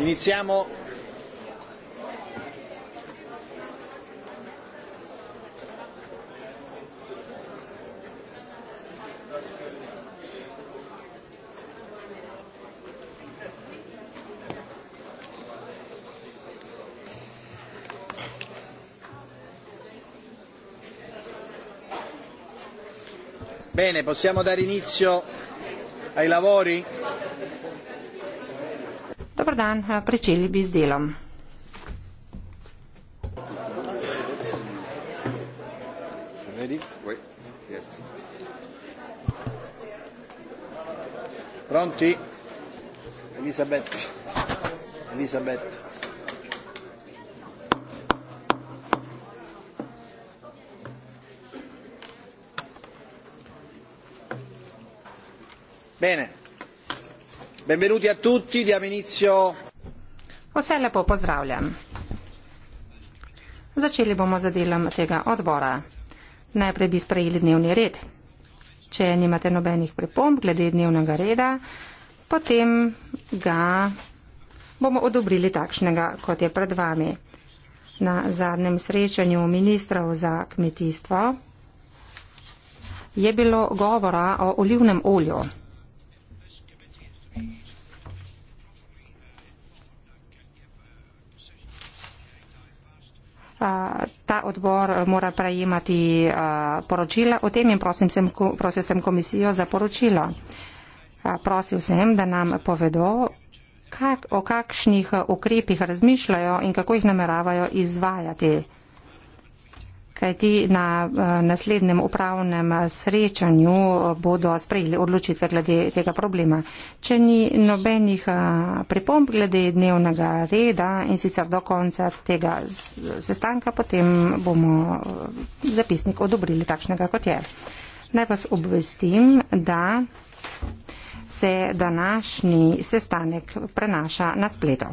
Iniziamo. Bene, possiamo dare inizio ai lavori? dober dan, eh, pričeli bi z delom. Pronti? Elisabeth. Elisabeth. Bene benvenuti a tutti diamo inizio vse lepo pozdravljam začeli bomo z delom tega odbora najprej bi sprejeli dnevni red če nimate nobenih pripomb glede dnevnega reda potem ga bomo odobrili takšnega kot je pred vami na zadnjem srečanju ministrov za kmetijstvo je bilo govora o olivnem olju. ta odbor eh, mora prejemati eh, poročila o tem in prosim sem, prosil sem komisijo za poročilo. Prosil sem, da nam povedo, kak, o kakšnih eh, ukrepih razmišljajo in kako jih nameravajo izvajati kajti na eh, naslednjem upravnem eh, srečanju eh, bodo sprejeli odločitve glede tega problema. Če ni nobenih pripomb glede dnevnega reda in sicer do konca tega sestanka, potem bomo zapisnik odobrili takšnega, kot je. Naj vas obvestim, da se današnji sestanek prenaša na spletu.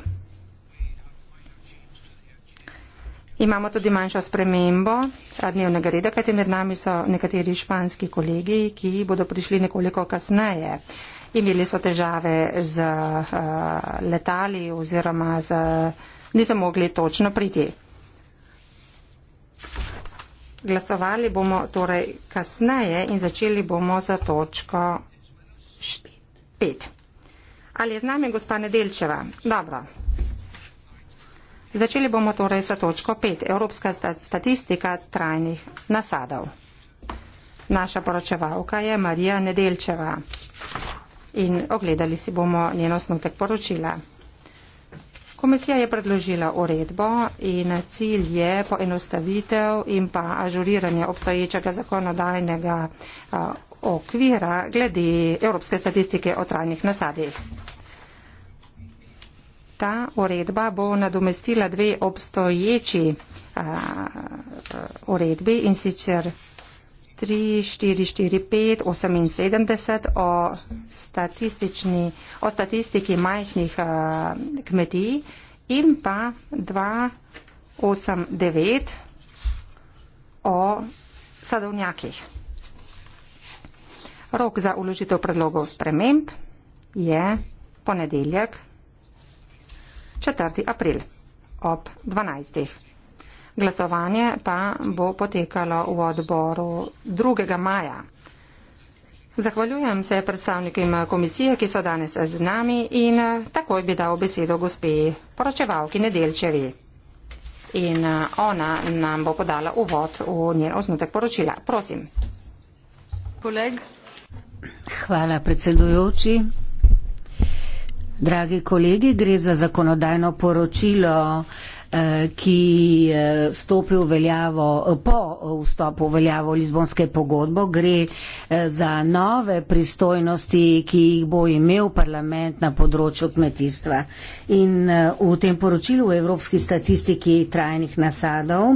Imamo tudi manjšo spremembo eh, dnevnega reda, kajti med nami so nekateri španski kolegi, ki bodo prišli nekoliko kasneje. Imeli so težave z uh, letali oziroma z, niso mogli točno priti. Glasovali bomo torej kasneje in začeli bomo za točko 5. Ali je z nami gospa Nedelčeva? Dobro. Začeli bomo torej sa točko 5, Evropska statistika trajnih nasadov. Naša poročevalka je Marija Nedelčeva in ogledali si bomo njen osnutek poročila. Komisija je predložila uredbo in cilj je poenostavitev in pa ažuriranje obstoječega zakonodajnega okvira glede evropske statistike o trajnih nasadih. Ta uredba bo nadomestila dve obstoječi a, uredbi in sicer 3.4.4.5.78 o, o statistiki majhnih a, kmetij in pa 2.8.9 o sadovnjakih. Rok za uložitev predlogov sprememb je ponedeljek 13.4. 4. april ob 12. Glasovanje pa bo potekalo v odboru 2. maja. Zahvaljujem se predstavnikom komisije, ki so danes z nami in takoj bi dal besedo gospe poročevalki Nedelčevi. In eh, ona nam bo podala uvod v njen osnutek poročila. Prosim. Poleg. Hvala predsedujoči. Dragi kolegi, gre za zakonodajno poročilo Eh, ki eh, stopi v veljavo eh, po vstopu v veljavo Lizbonske pogodbo. Gre za nove pristojnosti, ki jih bo imel parlament na področju kmetijstva. In v tem poročilu v Evropski statistiki trajnih nasadov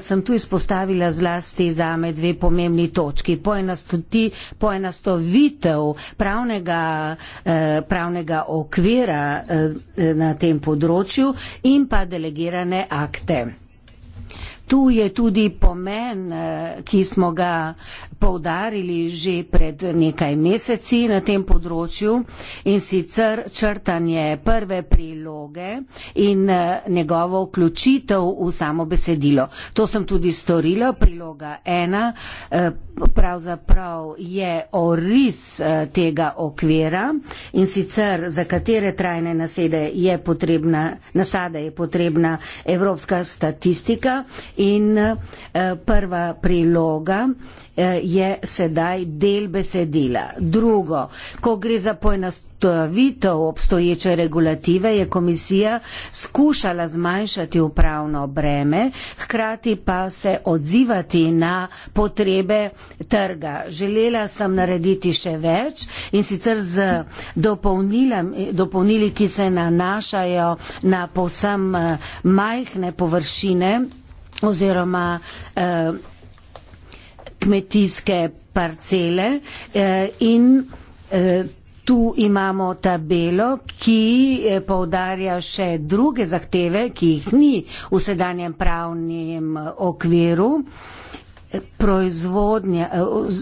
sem tu izpostavila zlasti za me dve pomembni točki. Poenostavitev pravnega, pravnega okvira na tem področju in pa delegacija delegirane akte. Tu je tudi pomen, eh, ki smo ga poudarili že pred nekaj meseci na tem področju in sicer črtanje prve priloge in eh, njegovo vključitev v samo besedilo. To sem tudi storila, priloga ena eh, pravzaprav je oris tega okvira in sicer za katere trajne nasede je potrebna, nasade je potrebna evropska statistika in eh, prva priloga eh, je sedaj del besedila. Drugo, ko gre za poenostavitev obstoječe regulative, je komisija skušala zmanjšati upravno breme, hkrati pa se odzivati na potrebe trga. Želela sem narediti še več in sicer z dopolnili, ki se nanašajo na povsem eh, majhne površine oziroma eh, kmetijske parcele eh, in eh, Tu imamo tabelo, ki eh, povdarja še druge zahteve, ki jih ni v sedanjem pravnem okviru proizvodnje eh,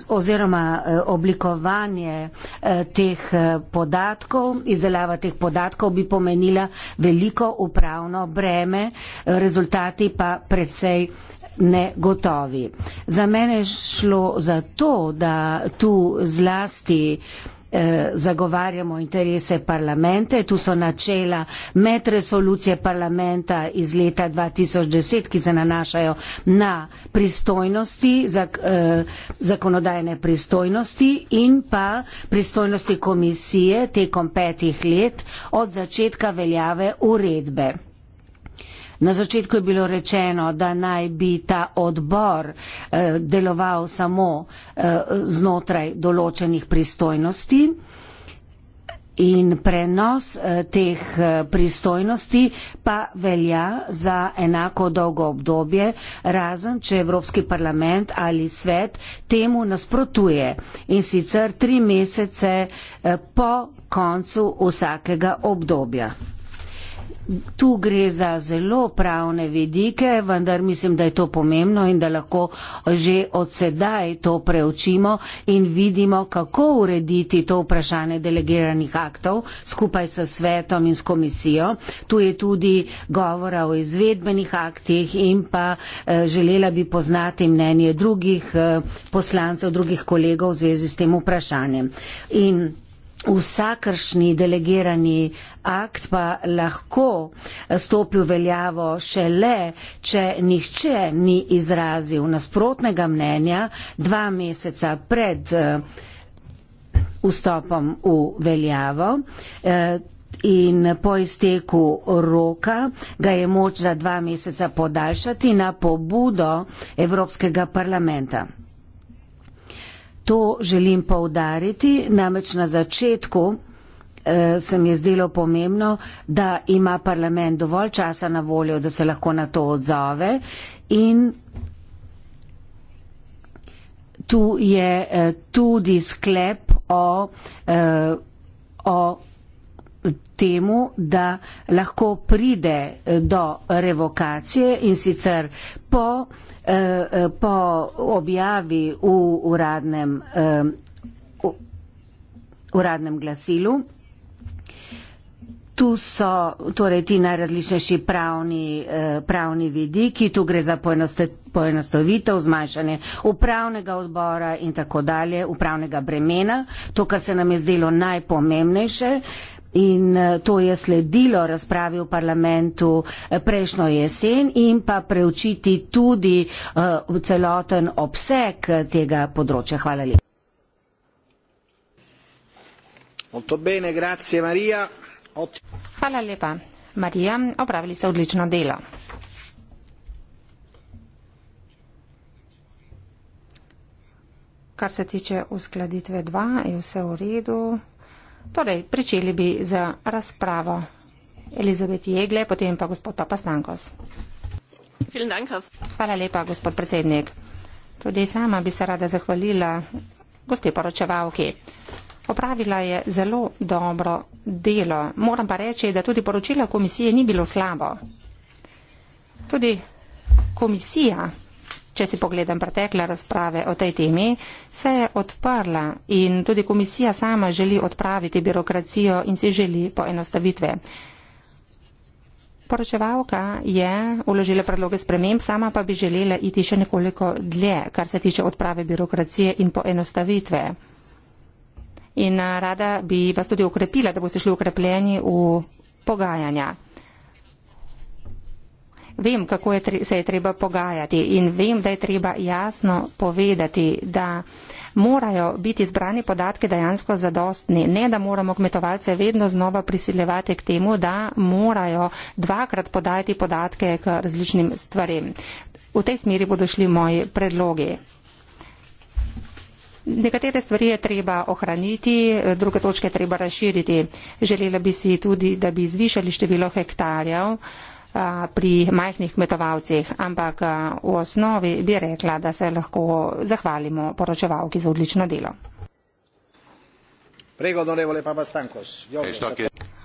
oziroma eh, oblikovanje eh, teh podatkov, izdelava teh podatkov bi pomenila veliko upravno breme, rezultati pa precej negotovi. Za mene je šlo za to, da tu zlasti Eh, zagovarjamo interese parlamente. Tu so načela medresolucije parlamenta iz leta 2010, ki se nanašajo na pristojnosti, zak, eh, zakonodajne pristojnosti in pa pristojnosti komisije tekom petih let od začetka veljave uredbe. Na začetku je bilo rečeno, da naj bi ta odbor eh, deloval samo eh, znotraj določenih pristojnosti in prenos eh, teh eh, pristojnosti pa velja za enako dolgo obdobje, razen če Evropski parlament ali svet temu nasprotuje in sicer tri mesece eh, po koncu vsakega obdobja. Tu gre za zelo pravne vidike, vendar mislim, da je to pomembno in da lahko že od sedaj to preučimo in vidimo, kako urediti to vprašanje delegiranih aktov skupaj s svetom in s komisijo. Tu je tudi govora o izvedbenih aktih in pa eh, želela bi poznati mnenje drugih eh, poslancev, drugih kolegov v zvezi s tem vprašanjem. In vsakršni delegirani akt pa lahko stopi v veljavo šele, če nihče ni izrazil nasprotnega mnenja dva meseca pred eh, vstopom v veljavo. Eh, in po izteku roka ga je moč za dva meseca podaljšati na pobudo Evropskega parlamenta. To želim povdariti, namreč na začetku eh, se mi je zdelo pomembno, da ima parlament dovolj časa na voljo, da se lahko na to odzove in tu je eh, tudi sklep o, eh, o temu, da lahko pride eh, do revokacije in sicer po, eh, eh, po objavi v uradnem, v uradnem glasilu. Tu so torej ti najrazličnejši pravni, pravni vidiki, tu gre za poenostavitev, zmanjšanje upravnega odbora in tako dalje, upravnega bremena, to, kar se nam je zdelo najpomembnejše in eh, to je sledilo razpravi v parlamentu eh, prejšnjo jesen in pa preučiti tudi uh, celoten obseg tega področja. Hvala lepa. Hvala lepa, Marija. Opravili ste odlično delo. Kar se tiče uskladitve 2, je vse v redu. Torej, pričeli bi z razpravo Elizabeti Jegle, potem pa gospod Papa Stankos. Hvala lepa, gospod predsednik. Tudi sama bi se rada zahvalila gospe poročevalki. Opravila je zelo dobro delo. Moram pa reči, da tudi poročilo komisije ni bilo slabo. Tudi komisija Če si pogledam pretekle razprave o tej temi, se je odprla in tudi komisija sama želi odpraviti birokracijo in si želi poenostavitve. Poročevalka je uložila predloge sprememb, sama pa bi želela iti še nekoliko dlje, kar se tiče odprave birokracije in poenostavitve. In eh, rada bi vas tudi ukrepila, da boste šli ukrepljeni v pogajanja vem, kako je tre, se je treba pogajati in vem, da je treba jasno povedati, da morajo biti zbrani podatki dejansko zadostni. Ne, da moramo kmetovalce vedno znova prisiljevati k temu, da morajo dvakrat podajati podatke k različnim stvarem. V tej smeri bodo šli moji predlogi. Nekatere stvari je treba ohraniti, druge točke je treba razširiti. Želela bi si tudi, da bi zvišali število hektarjev. Uh, pri majhnih kmetovalcih, ampak v osnovi bi rekla, da se lahko zahvalimo poročevalki za odlično delo.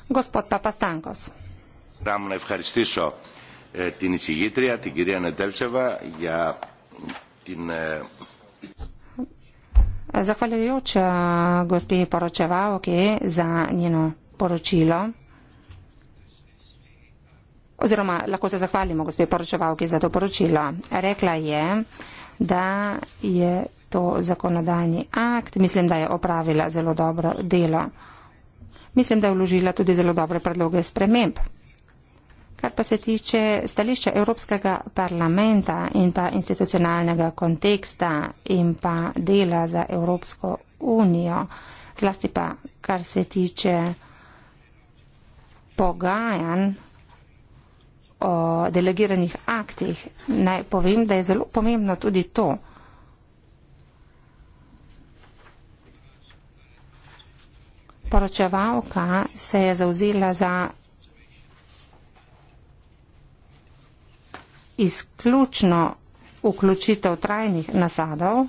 Gospod Papa Stankos. E, ja, e, Zahvaljujoč gospi poročevalki za njeno poročilo oziroma lahko se zahvalimo gospe poročevalki za to poročilo. Rekla je, da je to zakonodajni akt, mislim, da je opravila zelo dobro delo. Mislim, da je vložila tudi zelo dobre predloge sprememb. Kar pa se tiče stališča Evropskega parlamenta in pa institucionalnega konteksta in pa dela za Evropsko unijo, zlasti pa kar se tiče pogajanj, o delegiranih aktih, naj povem, da je zelo pomembno tudi to. Poročevalka se je zauzela za izključno vključitev trajnih nasadov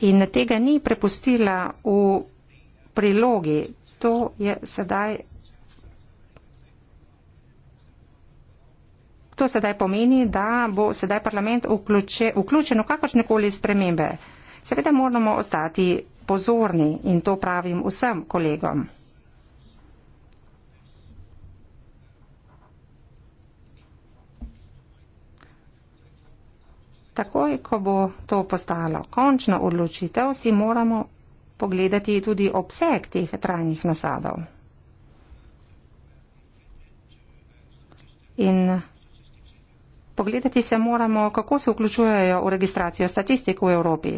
in tega ni prepustila v prilogi. To je sedaj To sedaj pomeni, da bo sedaj parlament vključe, vključen v kakršnekoli spremembe. Seveda moramo ostati pozorni in to pravim vsem kolegom. Takoj, ko bo to postalo končno odločitev, si moramo pogledati tudi obseg teh trajnih nasadov. In Pogledati se moramo, kako se vključujejo v registracijo statistik v Evropi.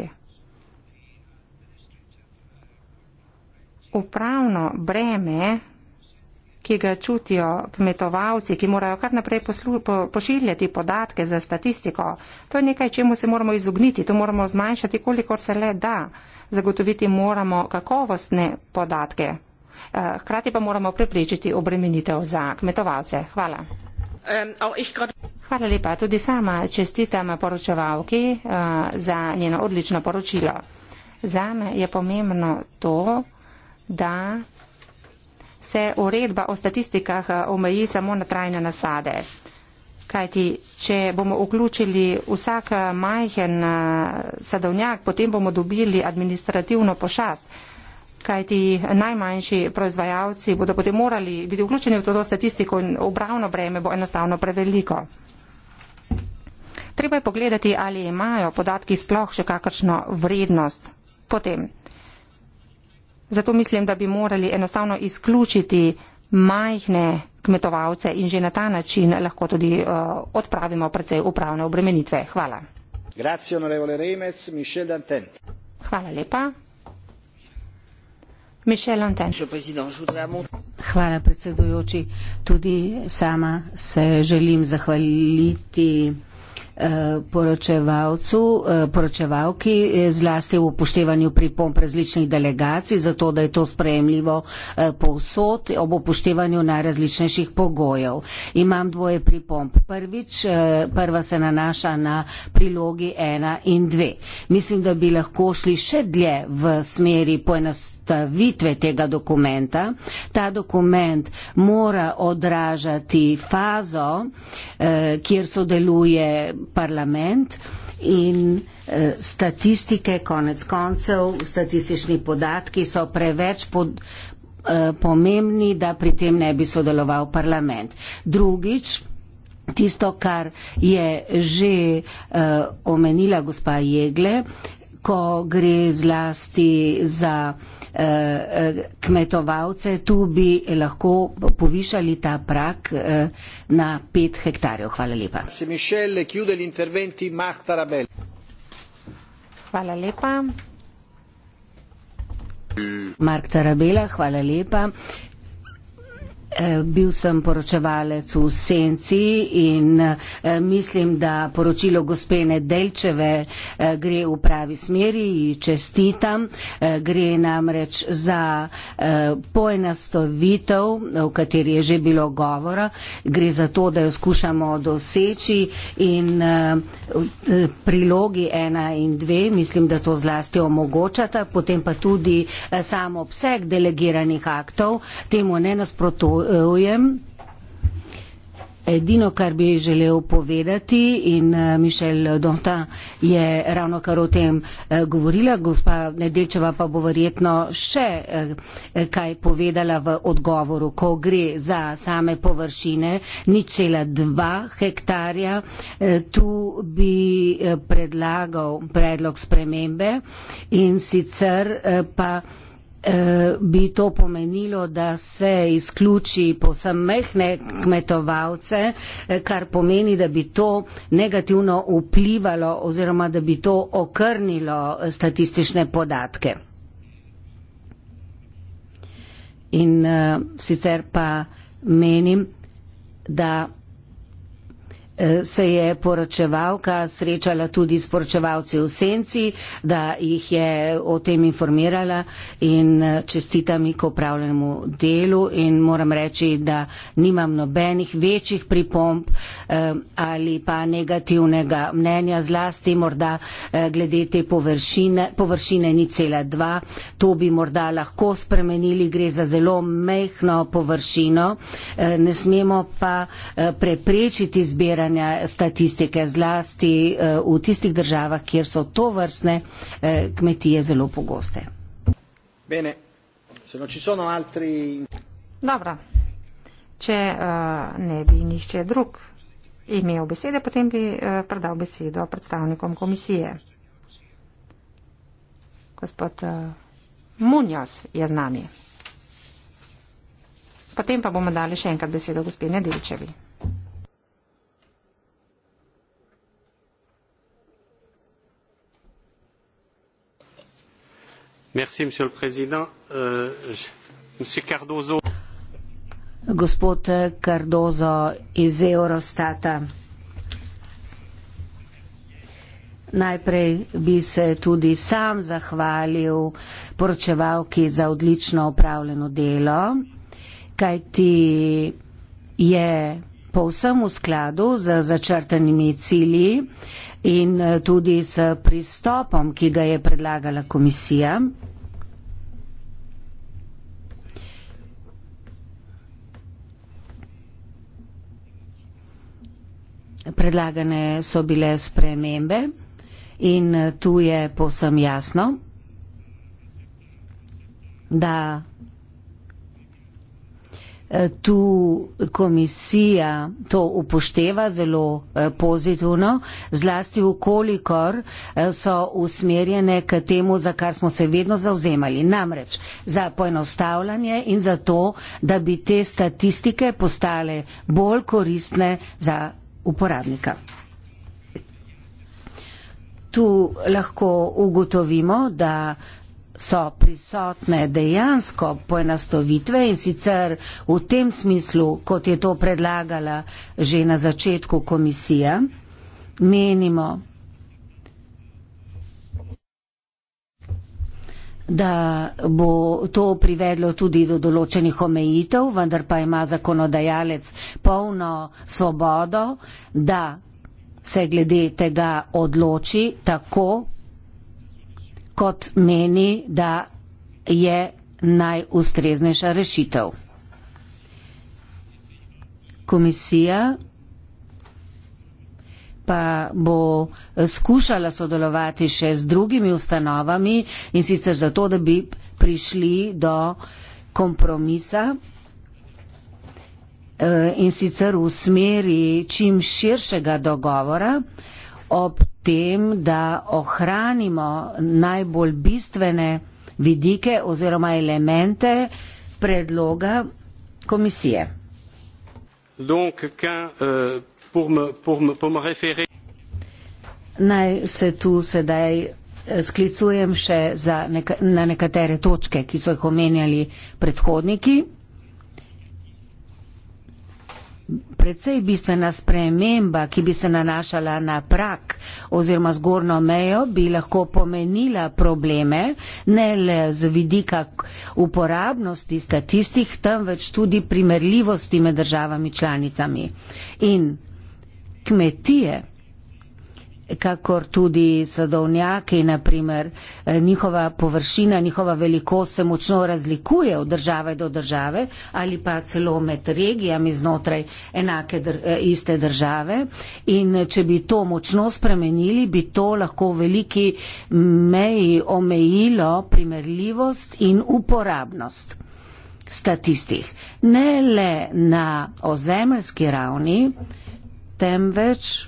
Upravno breme, ki ga čutijo kmetovalci, ki morajo kar naprej poslu, po, pošiljati podatke za statistiko, to je nekaj, čemu se moramo izogniti, to moramo zmanjšati, kolikor se le da. Zagotoviti moramo kakovostne podatke. Eh, hkrati pa moramo prepričati obremenitev za kmetovalce. Hvala. Um, Hvala lepa. Tudi sama čestitam poročevalki uh, za njeno odlično poročilo. Zame je pomembno to, da se uredba o statistikah eh, omeji samo na trajne nasade. Kajti, če bomo vključili vsak eh, majhen sadovnjak, potem bomo dobili administrativno pošast. Kajti, najmanjši proizvajalci bodo potem morali biti vključeni v to statistiko in obravno breme bo enostavno preveliko treba je pogledati, ali imajo podatki sploh še kakršno vrednost potem. Zato mislim, da bi morali enostavno izključiti majhne kmetovalce in že na ta način lahko tudi uh, odpravimo precej upravne obremenitve. Hvala. Hvala lepa. Michel Anten. Hvala predsedujoči. Tudi sama se želim zahvaliti Eh, poročevalcu, eh, poročevalki, eh, zlasti v upoštevanju pripomp različnih delegacij, zato da je to sprejemljivo povsod ob upoštevanju najrazličnejših pogojev. Imam dvoje pripomp. Prvič, prva se nanaša na prilogi 1 in 2. Mislim, da bi lahko šli še dlje v smeri poenostavitve tega dokumenta. Ta dokument mora odražati fazo, kjer sodeluje parlament in e, statistike, konec koncev, statistični podatki so preveč pod, e, pomembni, da pri tem ne bi sodeloval parlament. Drugič, tisto, kar je že e, omenila gospa Jegle, ko gre zlasti za Eh, kmetovalce, tu bi lahko povišali ta prak eh, na pet hektarjev. Hvala lepa. Hvala lepa. Mark Tarabela, hvala lepa. Eh, bil sem poročevalec v Senci in eh, mislim, da poročilo gospene Delčeve eh, gre v pravi smeri in čestitam. Gre namreč za poenastovitev, o kateri je že bilo govora. Gre za to, da jo skušamo doseči in prilogi ena in dve mislim, da to zlasti omogočata. Potem pa tudi sam obseg delegiranih aktov temu ne nasprotuje EU-jem. Edino, kar bi želel povedati in eh, Mišel Donta je ravno kar o tem eh, govorila, gospa Nedečeva pa bo verjetno še eh, kaj povedala v odgovoru, ko gre za same površine, ni cela dva hektarja, tu bi predlagal predlog spremembe in sicer pa Eh, bi to pomenilo, da se izključi posem mehne kmetovalce, eh, kar pomeni, da bi to negativno vplivalo oziroma da bi to okrnilo eh, statistične podatke. In uh, sicer pa menim, da se je poročevalka srečala tudi s poročevalci v Senci, da jih je o tem informirala in eh, čestitam jih k upravljenemu delu in moram reči, da nimam nobenih večjih pripomp eh, ali pa negativnega mnenja zlasti, morda eh, glede te površine, površine ni cela dva, to bi morda lahko spremenili, gre za zelo mehno površino, ne smemo pa preprečiti zbiranje spremljanja statistike zlasti eh, v tistih državah, kjer so to vrstne eh, kmetije zelo pogoste. Bene. Altri... Dobro. Če uh, ne bi nišče drug imel besede, potem bi uh, predal besedo predstavnikom komisije. Gospod uh, Munjos je z nami. Potem pa bomo dali še enkrat besedo gospodine Delčevi. monsieur le président euh, monsieur cardozo gospod cardozo iz eurostata najprej bi se tudi sam zahvalil poročevalki za odlično opravljeno delo kajti je povsem v skladu z začrtanimi cilji in eh, tudi s pristopom, ki ga je predlagala komisija. Predlagane so bile spremembe in eh, tu je povsem jasno, da Eh, tu komisija to upošteva zelo eh, pozitivno, zlasti ukolikor eh, so usmerjene k temu, za kar smo se vedno zauzemali, namreč za poenostavljanje in za to, da bi te statistike postale bolj koristne za uporabnika. Tu lahko ugotovimo, da so prisotne dejansko poenostavitve in sicer v tem smislu, kot je to predlagala že na začetku komisija, menimo, da bo to privedlo tudi do določenih omejitev, vendar pa ima zakonodajalec polno svobodo, da se glede tega odloči tako, kot meni, da je najustreznejša rešitev. Komisija pa bo skušala sodelovati še z drugimi ustanovami in sicer zato, da bi prišli do kompromisa eh, in sicer v smeri čim širšega dogovora ob tem, da ohranimo najbolj bistvene vidike oziroma elemente predloga komisije. Donc, quand, uh, pour me, pour me, pour me referer... Naj se tu sedaj eh, sklicujem še za neka, na nekatere točke, ki so jih omenjali predhodniki precej bistvena sprememba, ki bi se nanašala na prak oziroma zgornjo mejo, bi lahko pomenila probleme ne le z vidika uporabnosti statistik, temveč tudi primerljivosti med državami članicami. In kmetije, kakor tudi sadovnjaki, naprimer eh, njihova površina, njihova velikost se močno razlikuje od države do države ali pa celo med regijami znotraj enake dr eh, iste države. In eh, če bi to močno spremenili, bi to lahko v veliki meji omejilo primerljivost in uporabnost statistih. Ne le na ozemeljski ravni, temveč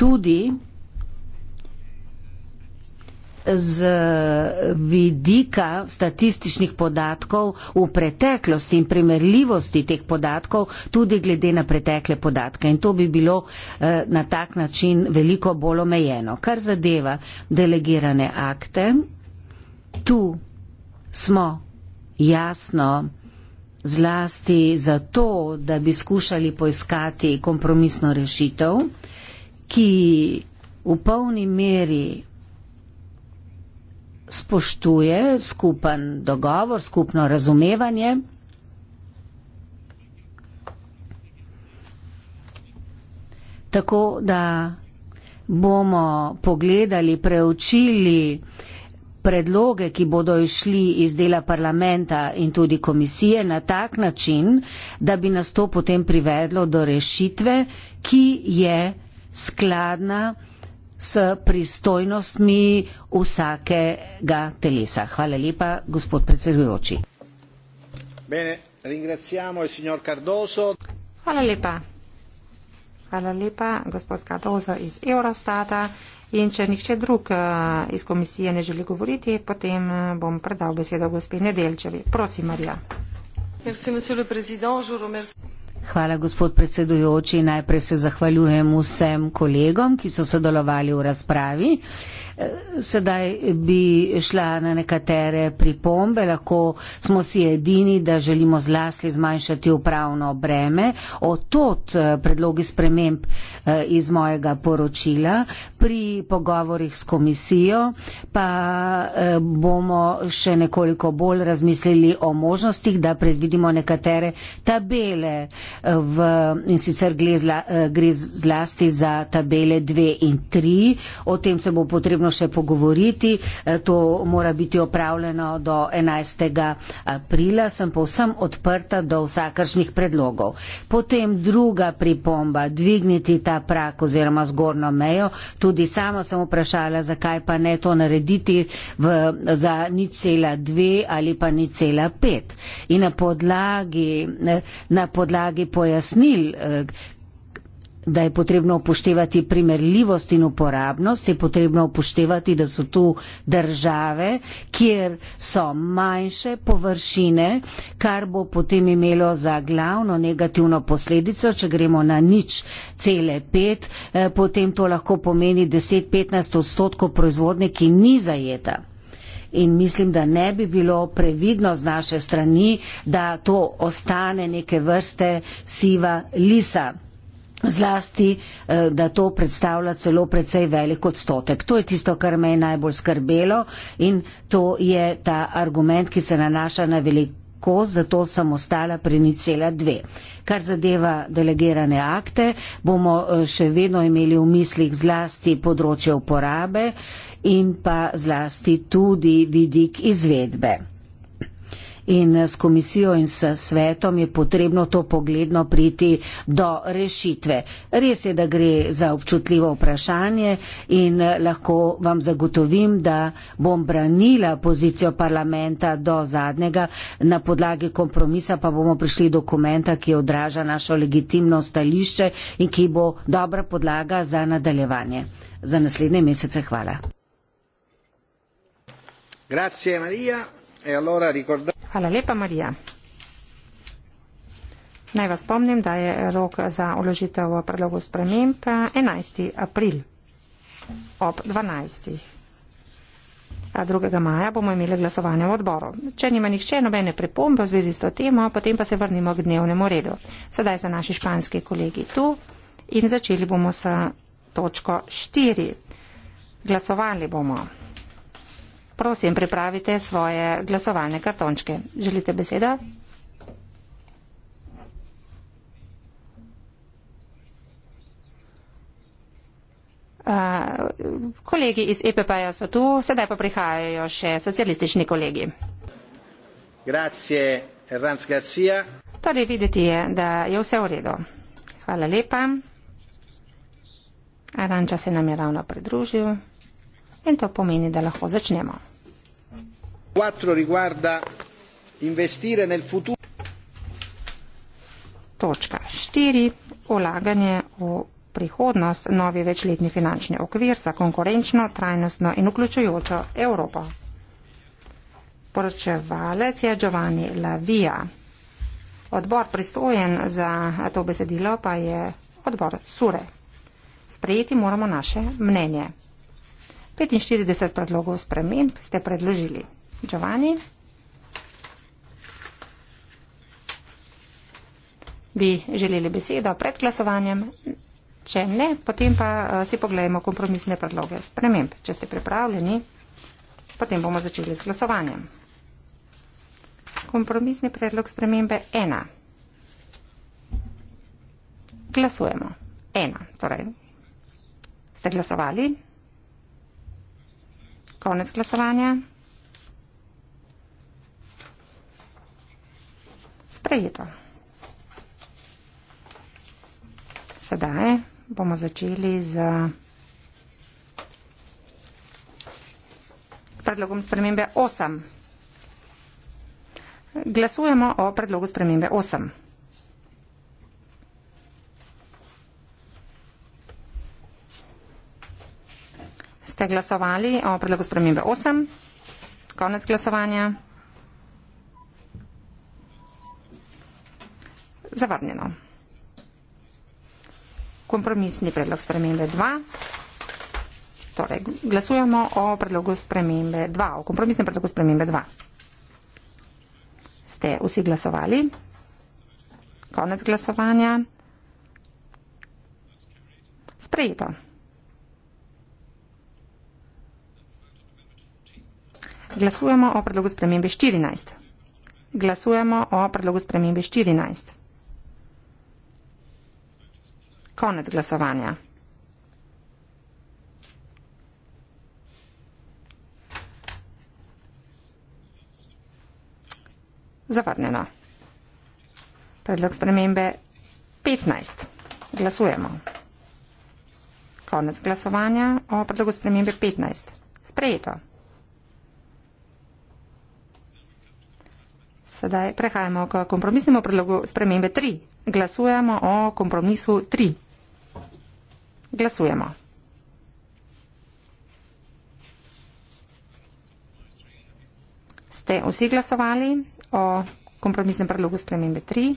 tudi z vidika statističnih podatkov v preteklosti in primerljivosti teh podatkov, tudi glede na pretekle podatke. In to bi bilo eh, na tak način veliko bolj omejeno. Kar zadeva delegirane akte, tu smo jasno zlasti zato, da bi skušali poiskati kompromisno rešitev, ki v polni meri spoštuje skupen dogovor, skupno razumevanje, tako da bomo pogledali, preučili predloge, ki bodo išli iz dela parlamenta in tudi komisije na tak način, da bi nas to potem privedlo do rešitve, ki je skladna s pristojnostmi vsakega telesa. Hvala lepa, gospod predsedujoči. Hvala lepa. Hvala lepa, gospod Kadozo iz Eurostata. In če nihče drug eh, iz komisije ne želi govoriti, potem eh, bom predal besedo gospe Nedelčevi. Prosim, Marija. Merci, Hvala, gospod predsedujoči. Najprej se zahvaljujem vsem kolegom, ki so sodelovali v razpravi. Sedaj bi šla na nekatere pripombe. Lahko smo si edini, da želimo zlasti zmanjšati upravno breme. Otot eh, predlogi sprememb eh, iz mojega poročila. Pri pogovorih s komisijo pa eh, bomo še nekoliko bolj razmislili o možnostih, da predvidimo nekatere tabele. V, in sicer gre zlasti za tabele 2 in 3. O tem se bo potrebno potrebno še pogovoriti. Eh, to mora biti opravljeno do 11. aprila. Sem povsem odprta do vsakršnih predlogov. Potem druga pripomba, dvigniti ta prak oziroma zgornjo mejo. Tudi sama sem vprašala, zakaj pa ne to narediti v, za nič cela dve ali pa nič cela pet. In na podlagi, eh, na podlagi pojasnil, eh, da je potrebno upoštevati primerljivost in uporabnost, je potrebno upoštevati, da so tu države, kjer so manjše površine, kar bo potem imelo za glavno negativno posledico, če gremo na nič cele pet, eh, potem to lahko pomeni 10-15 odstotkov proizvodne, ki ni zajeta. In mislim, da ne bi bilo previdno z naše strani, da to ostane neke vrste siva lisa. Zlasti, eh, da to predstavlja celo precej velik odstotek. To je tisto, kar me je najbolj skrbelo in to je ta argument, ki se nanaša na velikost, zato sem ostala pri ničela dve. Kar zadeva delegirane akte, bomo eh, še vedno imeli v mislih zlasti področje uporabe in pa zlasti tudi vidik izvedbe in s komisijo in s svetom je potrebno to pogledno priti do rešitve. Res je, da gre za občutljivo vprašanje in lahko vam zagotovim, da bom branila pozicijo parlamenta do zadnjega. Na podlagi kompromisa pa bomo prišli dokumenta, ki odraža našo legitimno stališče in ki bo dobra podlaga za nadaljevanje. Za naslednje mesece hvala. Grazie Maria. E Hvala lepa, Marija. Naj vas spomnim, da je rok za uložitev predlogu sprememb 11. april ob 12. 2. maja bomo imeli glasovanje v odboru. Če nima nihče nobene pripombe v zvezi s to temo, potem pa se vrnimo k dnevnemu redu. Sedaj so naši španski kolegi tu in začeli bomo s točko 4. Glasovali bomo prosim, pripravite svoje glasovalne kartončke. Želite besedo? Uh, kolegi iz EPP-ja so tu, sedaj pa prihajajo še socialistični kolegi. Grazie, Ernst Garcia. Torej videti je, da je vse v redu. Hvala lepa. Aranča se nam je ravno pridružil in to pomeni, da lahko začnemo. 4 riguarda investire nel futuro. Točka 4. Ulaganje v prihodnost, novi večletni finančni okvir za konkurenčno, trajnostno in vključujočo Evropo. Poročevalec je Giovanni Lavia. Odbor pristojen za to besedilo pa je odbor Sure. Sprejeti moramo naše mnenje. 45 predlogov sprememb ste predložili. Giovanni. Bi želeli besedo pred glasovanjem? Če ne, potem pa eh, si pogledajmo kompromisne predloge sprememb. Če ste pripravljeni, potem bomo začeli z glasovanjem. Kompromisni predlog spremembe 1. Glasujemo. 1. Torej, ste glasovali? Konec glasovanja. sprejeto. Sedaj bomo začeli z predlogom spremembe 8. Glasujemo o predlogu spremembe 8. Ste glasovali o predlogu spremembe 8? Konec glasovanja. zavrnjeno. Kompromisni predlog spremembe 2. Torej, glasujemo o predlogu spremembe 2, o kompromisnem predlogu spremembe 2. Ste vsi glasovali? Konec glasovanja. Sprejeto. Glasujemo o predlogu spremembe 14. Glasujemo o predlogu spremembe 14. Konec glasovanja. Zavrnjeno. Predlog spremembe 15. Glasujemo. Konec glasovanja o predlogu spremembe 15. Sprejeto. Sedaj prehajamo k kompromisnemu predlogu spremembe 3. Glasujemo o kompromisu 3. Glasujemo. Ste vsi glasovali o kompromisnem predlogu spremembe 3?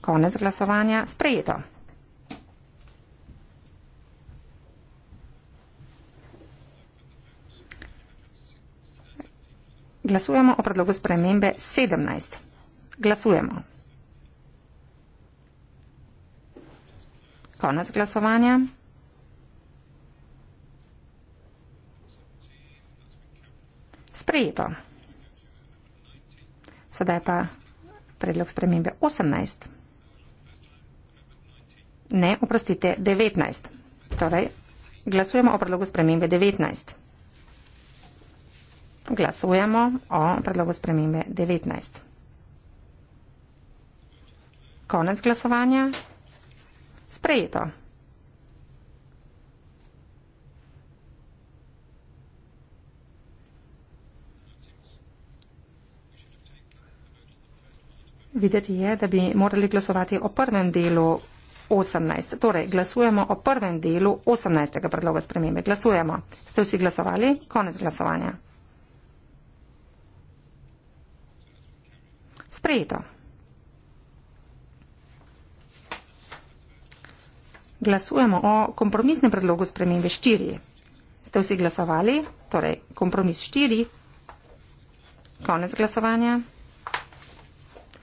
Konec glasovanja. Sprejeto. Glasujemo o predlogu spremembe 17. Glasujemo. Konec glasovanja. Sprejeto. Sedaj pa predlog spremembe 18. Ne, oprostite, 19. Torej, glasujemo o predlogu spremembe 19. Glasujemo o predlogu spremembe 19. Konec glasovanja sprejeto. Videti je, da bi morali glasovati o prvem delu 18. Torej, glasujemo o prvem delu 18. predloga spremembe. Glasujemo. Ste vsi glasovali? Konec glasovanja. Sprejeto. glasujemo o kompromisnem predlogu spremembe 4. Ste vsi glasovali? Torej, kompromis 4. Konec glasovanja.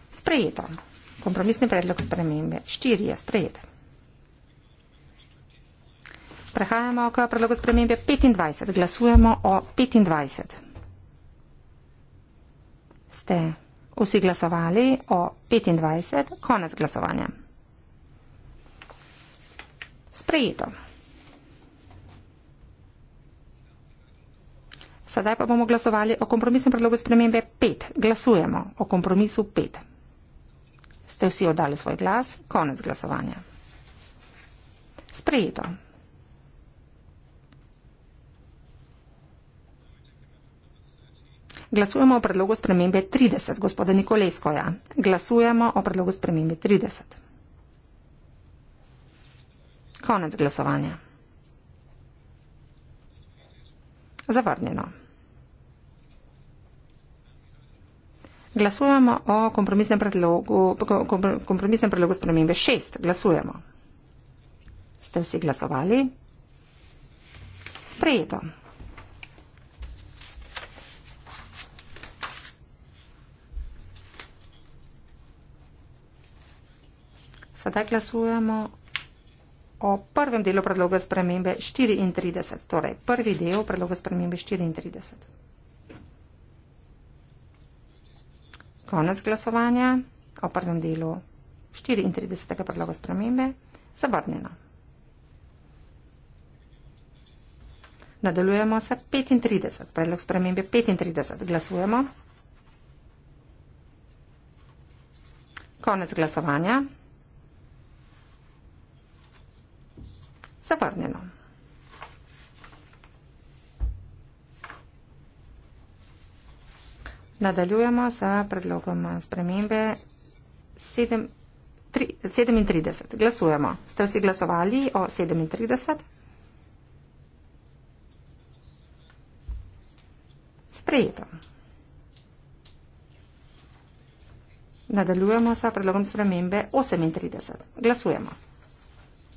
Sprejeto. Kompromisni predlog spremembe 4 je sprejet. Prehajamo k predlogu spremembe 25. Glasujemo o 25. Ste vsi glasovali o 25. Konec glasovanja sprejeto. Sedaj pa bomo glasovali o kompromisnem predlogu spremembe 5. Glasujemo o kompromisu 5. Ste vsi oddali svoj glas? Konec glasovanja. Sprejeto. Glasujemo o predlogu spremembe 30, gospoda Nikoleskoja. Glasujemo o predlogu spremembe 30. Konec glasovanja. Zavrnjeno. Glasujemo o kompromisnem predlogu, kompromisnem predlogu spremembe. Šest. Glasujemo. Ste vsi glasovali? Sprejeto. Sedaj glasujemo o prvem delu predloga spremembe 34, torej prvi del predloga spremembe 34. Konec glasovanja o prvem delu 34. predloga spremembe, zabrnjeno. Nadaljujemo se 35, predlog spremembe 35, glasujemo. Konec glasovanja. zavrnjeno. Nadaljujemo s predlogom spremembe 7, 3, 37. Glasujemo. Ste vsi glasovali o 37? Sprejeto. Nadaljujemo s predlogom spremembe 38. Glasujemo.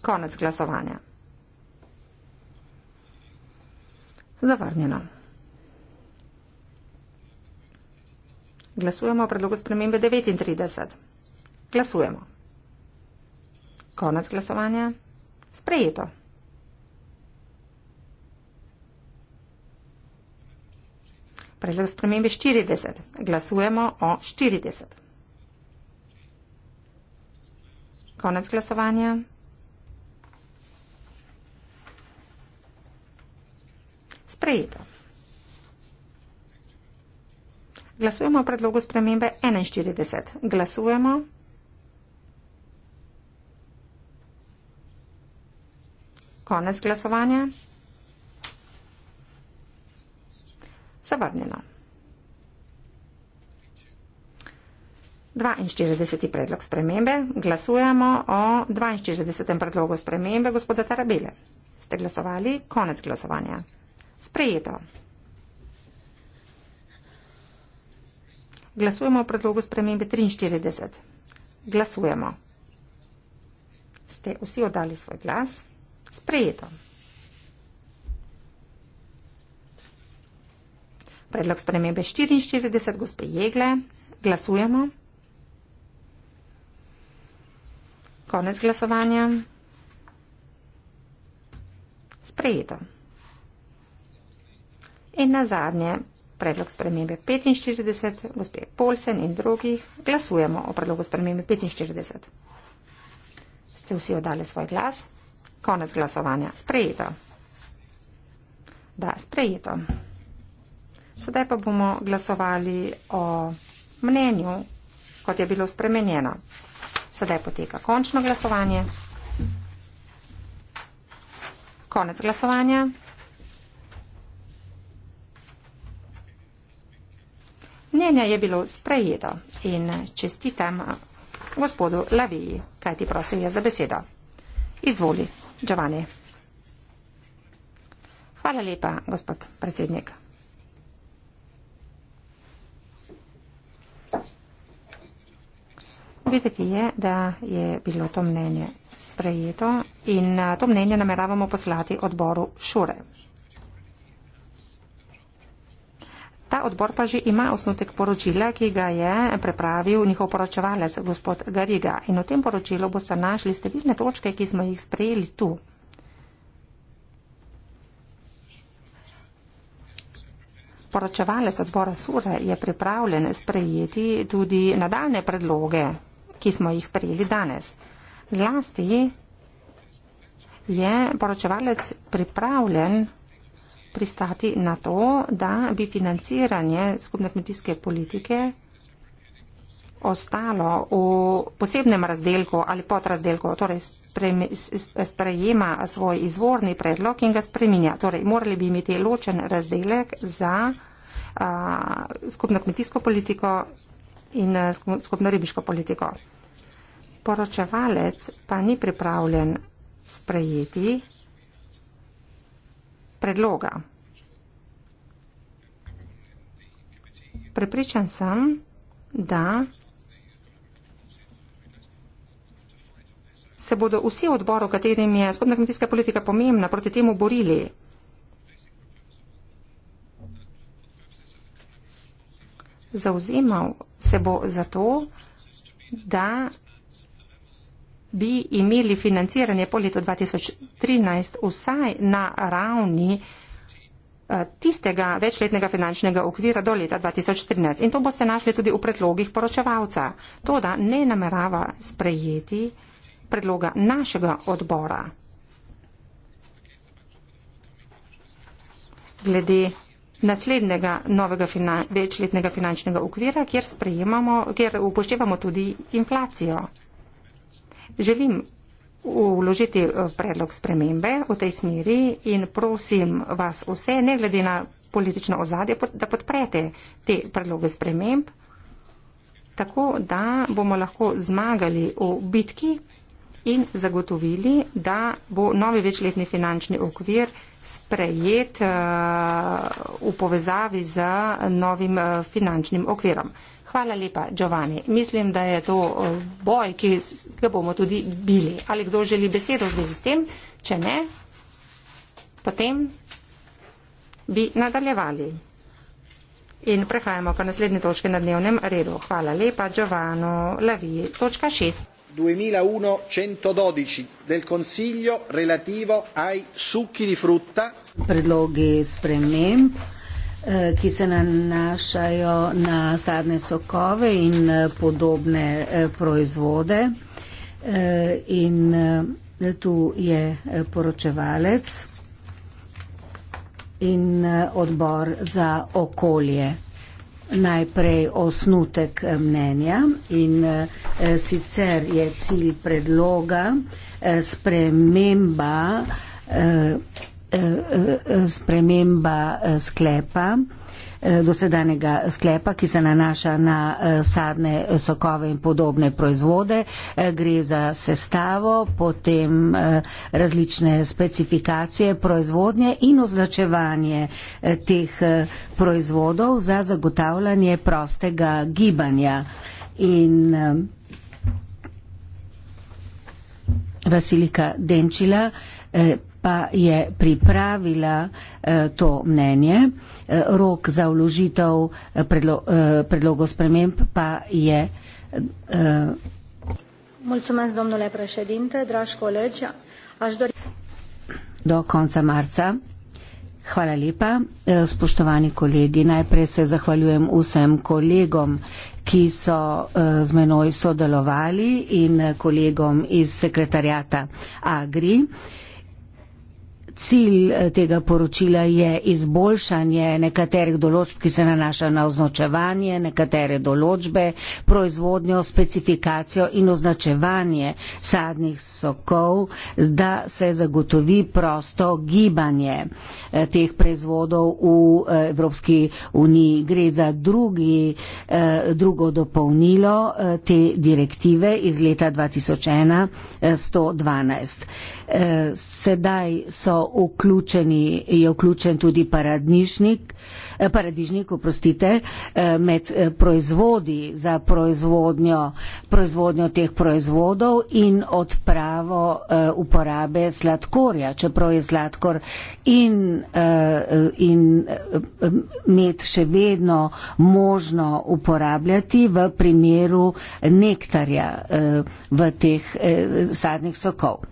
Konec glasovanja. Zavrnjeno. Glasujemo o predlogu spremembe 39. Glasujemo. Konec glasovanja. Sprejeto. Predlog spremembe 40. Glasujemo o 40. Konec glasovanja. Sprejeto. Glasujemo o predlogu spremembe 41. Glasujemo. Konec glasovanja. Zavrnjeno. 42. predlog spremembe. Glasujemo o 42. predlogu spremembe gospoda Tarabele. Ste glasovali? Konec glasovanja. Sprejeto. Glasujemo o predlogu spremembe 43. Glasujemo. Ste vsi oddali svoj glas? Sprejeto. Predlog spremembe 44, gospe Jegle. Glasujemo. Konec glasovanja. Sprejeto. In na zadnje, predlog spremembe 45, gospe Polsen in drugih, glasujemo o predlogu spremembe 45. Ste vsi oddali svoj glas? Konec glasovanja. Sprejeto. Da, sprejeto. Sedaj pa bomo glasovali o mnenju, kot je bilo spremenjeno. Sedaj poteka končno glasovanje. Konec glasovanja. Mnenje je bilo sprejeto in čestitam gospodu Laviji, kaj ti prosim je za besedo. Izvoli, Giovanni. Hvala lepa, gospod predsednik. Videti je, da je bilo to mnenje sprejeto in to mnenje nameravamo poslati odboru Šure. Ta odbor pa že ima osnutek poročila, ki ga je prepravil njihov poročevalec, gospod Gariga. In v tem poročilu boste našli številne točke, ki smo jih sprejeli tu. Poročevalec odbora Sure je pripravljen sprejeti tudi nadaljne predloge, ki smo jih sprejeli danes. Zlasti je poročevalec pripravljen pristati na to, da bi financiranje skupne kmetijske politike ostalo v posebnem razdelku ali podrazdelku, torej sprejema svoj izvorni predlog in ga spreminja. Torej, morali bi imeti ločen razdelek za a, skupno kmetijsko politiko in skupno ribiško politiko. Poročevalec pa ni pripravljen sprejeti predloga. Prepričan sem, da se bodo vsi odboro, katerim je skupna kmetijska politika pomembna, proti temu borili. Zauzemal se bo za to, da bi imeli financiranje po letu 2013 vsaj na ravni eh, tistega večletnega finančnega okvira do leta 2013. In to boste našli tudi v predlogih poročevalca. Toda ne namerava sprejeti predloga našega odbora. Glede naslednjega novega finan, večletnega finančnega okvira, kjer, kjer upoštevamo tudi inflacijo. Želim uložiti eh, predlog spremembe v tej smeri in prosim vas vse, ne glede na politično ozadje, da podprete te predloge sprememb, tako da bomo lahko zmagali v bitki in zagotovili, da bo novi večletni finančni okvir sprejet uh, v povezavi z novim uh, finančnim okvirom. Hvala lepa, Giovanni. Mislim, da je to eh, boj, ki ga bomo tudi bili. Ali kdo želi besedo v zvezi s tem? Če ne, potem bi nadaljevali. In prehajamo k naslednji točki na dnevnem redu. Hvala lepa, Giovanno Lavi. Točka 6. 2.112 del konsiglio relativo ai succhi di frutta. Predlogi sprememb. Eh, ki se nanašajo na sadne sokove in eh, podobne eh, proizvode. In tu je poročevalec in odbor za okolje. Najprej osnutek mnenja in sicer je cilj predloga sprememba Eh, eh, sprememba eh, sklepa, dosedanega sklepa, ki se nanaša na sadne sokove in podobne proizvode. Gre za sestavo, potem različne specifikacije proizvodnje in označevanje teh proizvodov za zagotavljanje prostega gibanja. In Vasilika Denčila pa je pripravila eh, to mnenje. Eh, rok za vložitev eh, predlo predlogov sprememb pa je. Mulțumesc, domnule președinte, dragi colegi. Aș dori... Do konca marca. Hvala lepa, spoštovani kolegi. Najprej se zahvaljujem vsem kolegom, ki so z menoj sodelovali in kolegom iz sekretarjata Agri. Cilj eh, tega poročila je izboljšanje nekaterih določb, ki se nanašajo na označevanje, nekatere določbe, proizvodnjo, specifikacijo in označevanje sadnih sokov, da se zagotovi prosto gibanje eh, teh proizvodov v eh, Evropski uniji. Gre za drugi, drugo dopolnilo te direktive iz leta 2001-112. Eh, sedaj so vključeni, je vključen tudi paradižnik, eh, paradižnik oprostite, eh, med proizvodi za proizvodnjo, proizvodnjo teh proizvodov in odpravo uporabe sladkorja, čeprav je sladkor in, in med še vedno možno uporabljati v primeru nektarja v teh sadnih sokov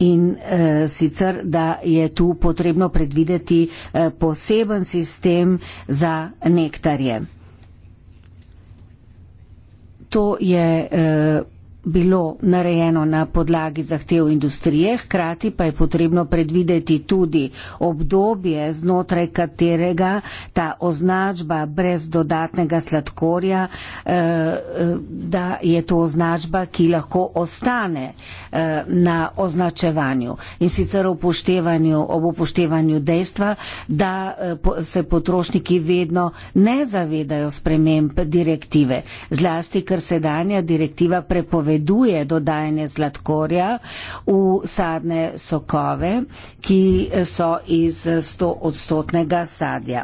in e, sicer, da je tu potrebno predvideti e, poseben sistem za nektarje. To je e, bilo narejeno na podlagi zahtev industrije, hkrati pa je potrebno predvideti tudi obdobje, znotraj katerega ta označba brez dodatnega sladkorja, eh, eh, da je to označba, ki lahko ostane eh, na označevanju in sicer ob upoštevanju dejstva, da se potrošniki vedno ne zavedajo sprememb direktive, zlasti, ker sedanja direktiva prepove prepoveduje dodajanje zlatkorja v sadne sokove, ki so iz 100 odstotnega sadja.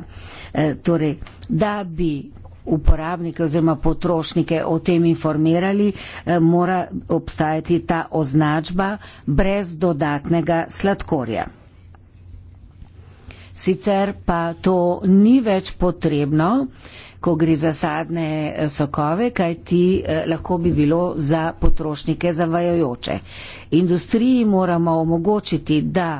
E, torej, da bi uporabnike oziroma potrošnike o tem informirali, e, mora obstajati ta označba brez dodatnega sladkorja. Sicer pa to ni več potrebno, ko gre za sadne eh, sokove, kaj ti eh, lahko bi bilo za potrošnike zavajojoče. Industriji moramo omogočiti, da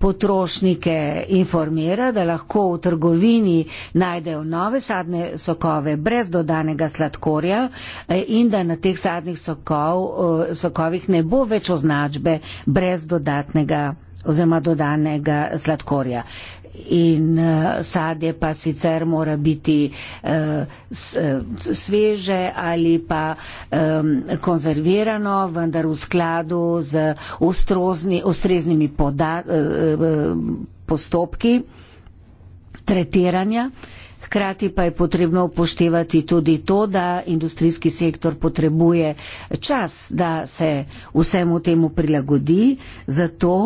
potrošnike informira, da lahko v trgovini najdejo nove sadne sokove brez dodanega sladkorja eh, in da na teh sadnih sokov, sokovih ne bo več označbe brez dodatnega oziroma dodanega sladkorja in uh, sadje pa sicer mora biti uh, sveže ali pa um, konzervirano, vendar v skladu z ostrozni, ostreznimi poda, uh, postopki tretiranja. Hkrati pa je potrebno upoštevati tudi to, da industrijski sektor potrebuje čas, da se vsemu temu prilagodi, zato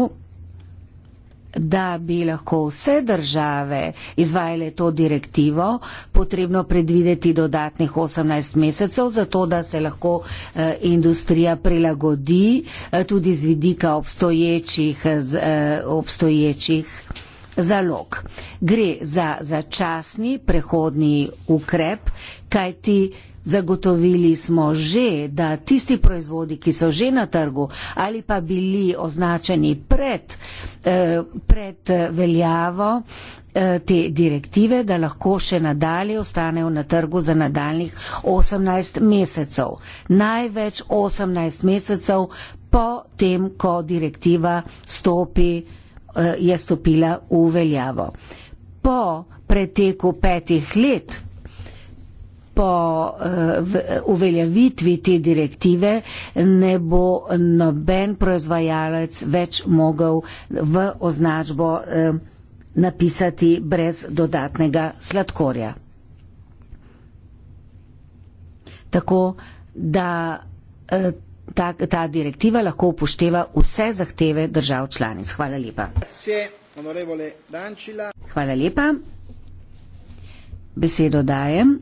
da bi lahko vse države izvajale to direktivo, potrebno predvideti dodatnih 18 mesecev, zato da se lahko eh, industrija prilagodi eh, tudi z vidika obstoječih, eh, obstoječih zalog. Gre za začasni prehodni ukrep, kajti Zagotovili smo že, da tisti proizvodi, ki so že na trgu ali pa bili označeni pred, eh, pred veljavo eh, te direktive, da lahko še nadalje ostanejo na trgu za nadaljnih 18 mesecev. Največ 18 mesecev po tem, ko direktiva stopi, eh, je stopila v veljavo. Po preteku petih let po eh, uveljavitvi te direktive ne bo noben proizvajalec več mogel v označbo eh, napisati brez dodatnega sladkorja. Tako da eh, ta, ta direktiva lahko upošteva vse zahteve držav članic. Hvala lepa. Hvala lepa. Besedo dajem.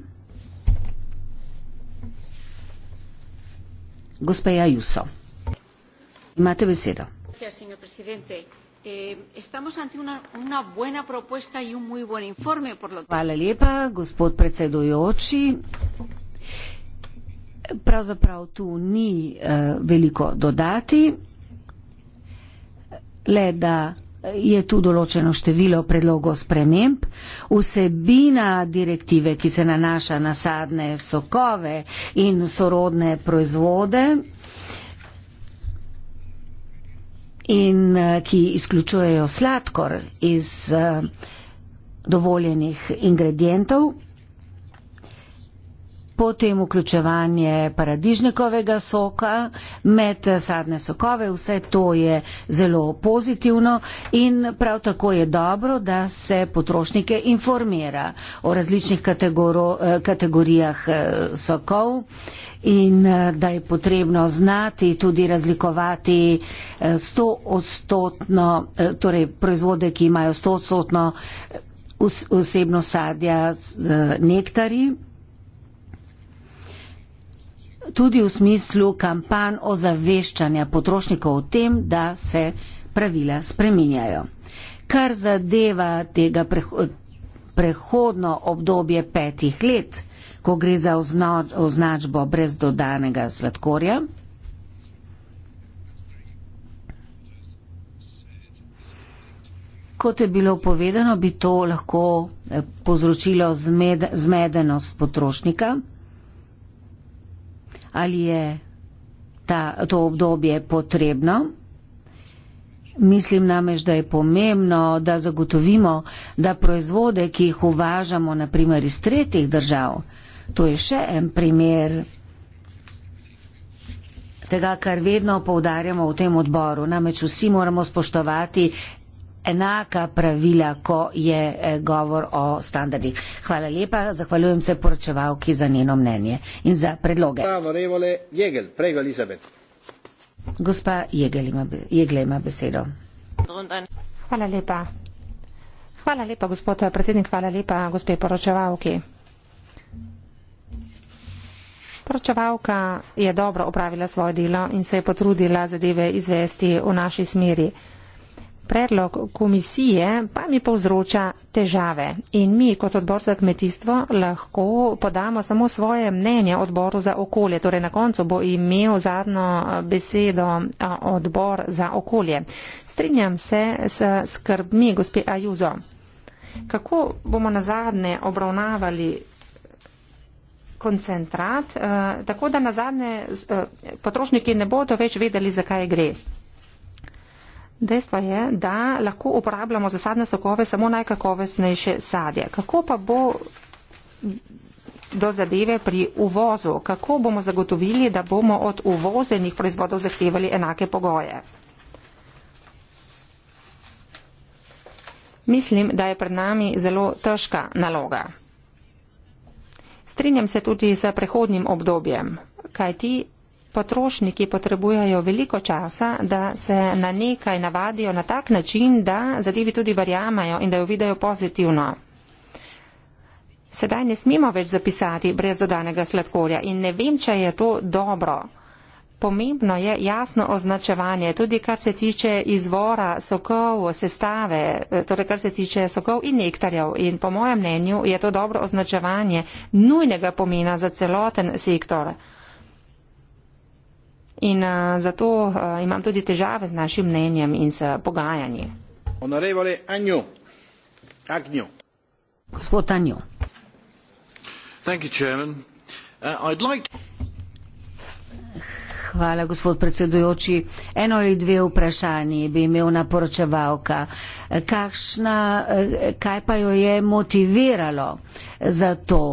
Gospeja Juso. Imate besedo. Eh, Hvala lepa, gospod predsedujoči. Pravzaprav tu ni uh, veliko dodati, le da je tu določeno število predlogov sprememb. Uh, vsebina direktive, ki se nanaša na sadne sokove in sorodne proizvode in eh, ki izključujejo sladkor iz eh, dovoljenih ingredientov, potem vključevanje paradižnikovega soka med sadne sokove, vse to je zelo pozitivno in prav tako je dobro, da se potrošnike informira o različnih kategorijah eh, sokov in eh, da je potrebno znati tudi razlikovati eh, torej proizvode, ki imajo 100-odstotno osebno sadja z nektarji tudi v smislu kampanj ozaveščanja potrošnikov o tem, da se pravila spreminjajo. Kar zadeva tega prehodno obdobje petih let, ko gre za označbo brez dodanega sladkorja, Kot je bilo povedano, bi to lahko eh, povzročilo zmedenost potrošnika ali je ta, to obdobje potrebno. Mislim namreč, da je pomembno, da zagotovimo, da proizvode, ki jih uvažamo, naprimer iz tretjih držav, to je še en primer tega, kar vedno poudarjamo v tem odboru. Namreč vsi moramo spoštovati enaka pravila, ko je eh, govor o standardih. Hvala lepa, zahvaljujem se poročevalki za njeno mnenje in za predloge. Gospa Jegel ima, Jegle ima besedo. Hvala lepa. Hvala lepa, gospod predsednik, hvala lepa, gospe poročevalki. Poročevalka je dobro upravila svoje delo in se je potrudila zadeve izvesti v naši smeri. Predlog komisije pa mi povzroča težave in mi kot odbor za kmetijstvo lahko podamo samo svoje mnenje odboru za okolje. Torej na koncu bo imel zadnjo eh, besedo eh, odbor za okolje. Strinjam se s skrbmi gospe Ajuzo. Kako bomo na zadnje obravnavali koncentrat, eh, tako da na zadnje potrošniki ne bodo več vedeli, zakaj gre? Dejstvo je, da lahko uporabljamo za sadne sokove samo najkakovostnejše sadje. Kako pa bo do zadeve pri uvozu? Kako bomo zagotovili, da bomo od uvozenih proizvodov zahtevali enake pogoje? Mislim, da je pred nami zelo težka naloga. Strinjam se tudi z prehodnim obdobjem, kaj ti potrošniki potrebujejo veliko časa, da se na nekaj navadijo na tak način, da zadevi tudi verjamajo in da jo vidijo pozitivno. Sedaj ne smemo več zapisati brez dodanega sladkorja in ne vem, če je to dobro. Pomembno je jasno označevanje, tudi kar se tiče izvora sokov, sestave, eh, torej kar se tiče sokov in nektarjev. In po mojem mnenju je to dobro označevanje nujnega pomena za celoten sektor in uh, zato uh, imam tudi težave z našim mnenjem in s pogajanji. Gospod Anjo. Uh, Hvala, gospod predsedujoči. Eno ali dve vprašanji bi imel na poročevalka. Kakšna, eh, kaj pa jo je motiviralo za to?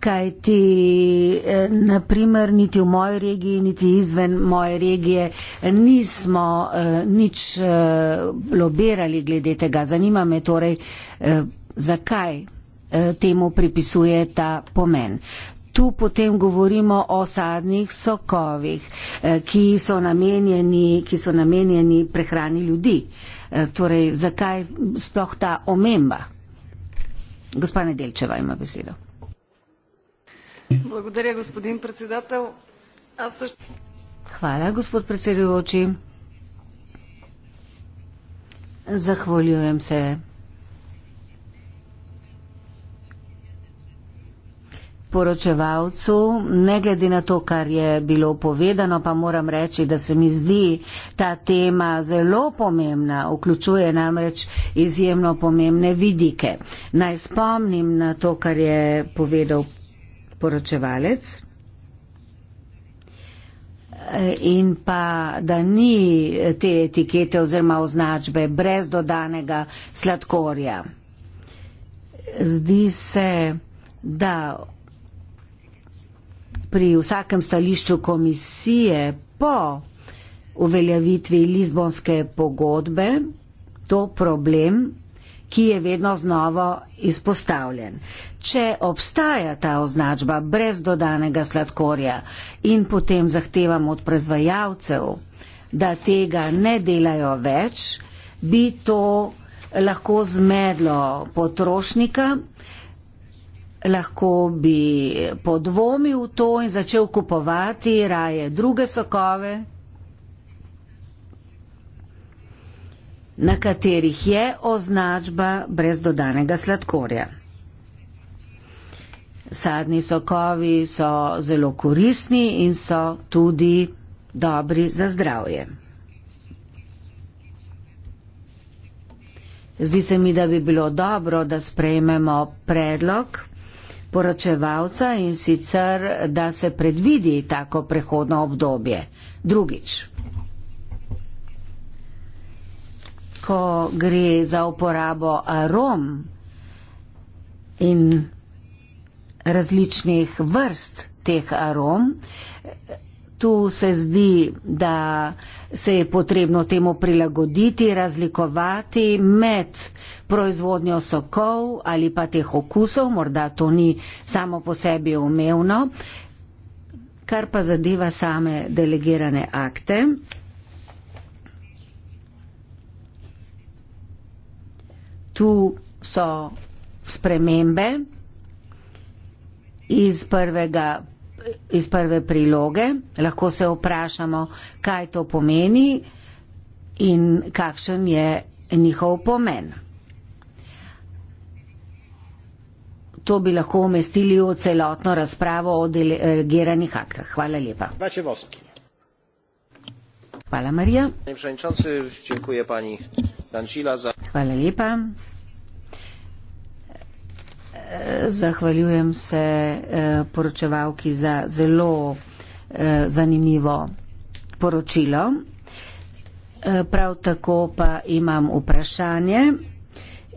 kaj ti eh, naprimer niti v moji regiji, niti izven moje regije eh, nismo eh, nič lobirali glede tega. Zanima me torej, zakaj temu pripisuje ta pomen. Tu potem govorimo o sadnih sokovih, ki so namenjeni, ki so namenjeni prehrani ljudi. Torej, zakaj sploh ta omemba? Gospa Nedelčeva ima besedo. Благодаря, господин председател. Аз също... Хваля, господ председавачи. Захвалюем се. poročevalcu, ne glede na to, kar je bilo povedano, pa moram reči, da se mi zdi ta tema zelo pomembna, vključuje namreč izjemno pomembne vidike. Naj spomnim na to, kar je povedal poročevalec. In pa, da ni te etikete oziroma označbe brez dodanega sladkorja. Zdi se, da pri vsakem stališču komisije po uveljavitvi Lizbonske pogodbe to problem ki je vedno znova izpostavljen. Če obstaja ta označba brez dodanega sladkorja in potem zahtevamo od proizvajalcev, da tega ne delajo več, bi to lahko zmedlo potrošnika, lahko bi podvomil to in začel kupovati raje druge sokove, na katerih je označba brez dodanega sladkorja. Sadni sokovi so zelo koristni in so tudi dobri za zdravje. Zdi se mi, da bi bilo dobro, da sprejmemo predlog poročevalca in sicer, da se predvidi tako prehodno obdobje. Drugič. ko gre za uporabo arom in različnih vrst teh arom, tu se zdi, da se je potrebno temu prilagoditi, razlikovati med proizvodnjo sokov ali pa teh okusov, morda to ni samo po sebi umevno, kar pa zadeva same delegirane akte. tu so spremembe iz, prvega, iz prve priloge. Lahko se vprašamo, kaj to pomeni in kakšen je njihov pomen. To bi lahko umestili v celotno razpravo o delegiranih aktah. Hvala lepa. Bače Voski. Hvala, Marija. Hvala lepa. Zahvaljujem se e, poročevalki za zelo e, zanimivo poročilo. E, prav tako pa imam vprašanje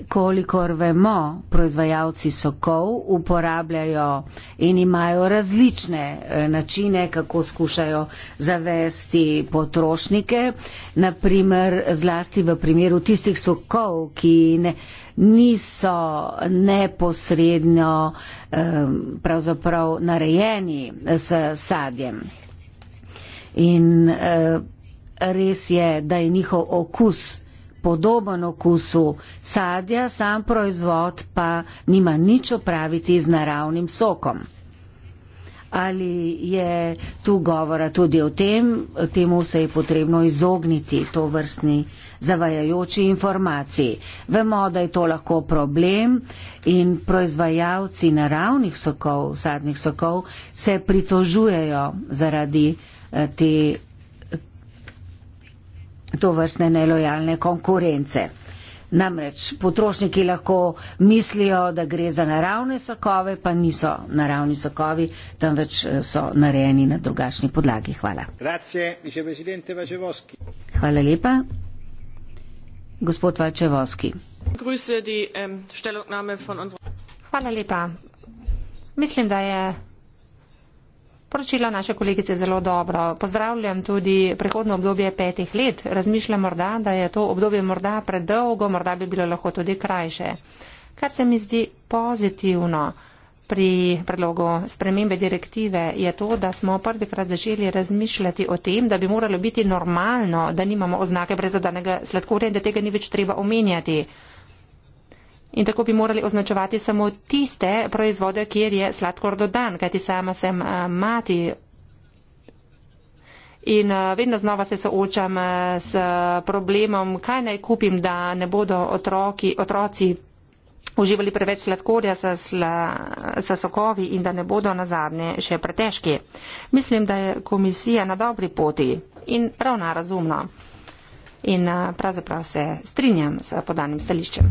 kolikor vemo, proizvajalci sokov uporabljajo in imajo različne eh, načine, kako skušajo zavesti potrošnike. Naprimer, zlasti v primeru tistih sokov, ki ne, niso neposredno ehm, pravzaprav narejeni s sadjem. In eh, res je, da je njihov okus podoben okusu sadja, sam proizvod pa nima nič opraviti z naravnim sokom. Ali je tu govora tudi o tem, temu se je potrebno izogniti to vrstni zavajajoči informaciji. Vemo, da je to lahko problem in proizvajalci naravnih sokov, sadnih sokov, se pritožujejo zaradi eh, te to vrstne nelojalne konkurence. Namreč potrošniki lahko mislijo, da gre za naravne sokove, pa niso naravni sokovi, temveč eh, so narejeni na drugačni podlagi. Hvala. Hvala lepa. Gospod Vačevoski. Ähm, Hvala lepa. Mislim, da je Poročila naše kolegice zelo dobro. Pozdravljam tudi prehodno obdobje petih let. Razmišljam morda, da je to obdobje morda predolgo, morda bi bilo lahko tudi krajše. Kar se mi zdi pozitivno pri predlogu spremembe direktive je to, da smo prvikrat začeli razmišljati o tem, da bi moralo biti normalno, da nimamo oznake brezodanega sladkorja in da tega ni več treba omenjati. In tako bi morali označevati samo tiste proizvode, kjer je sladkor dodan, kajti sama sem eh, mati. In eh, vedno znova se soočam eh, s problemom, kaj naj kupim, da ne bodo otroki, otroci uživali preveč sladkorja s sla, sokovi in da ne bodo na zadnje še pretežki. Mislim, da je komisija na dobri poti in ravna razumno in eh, pravzaprav se strinjam s podanim stališčem.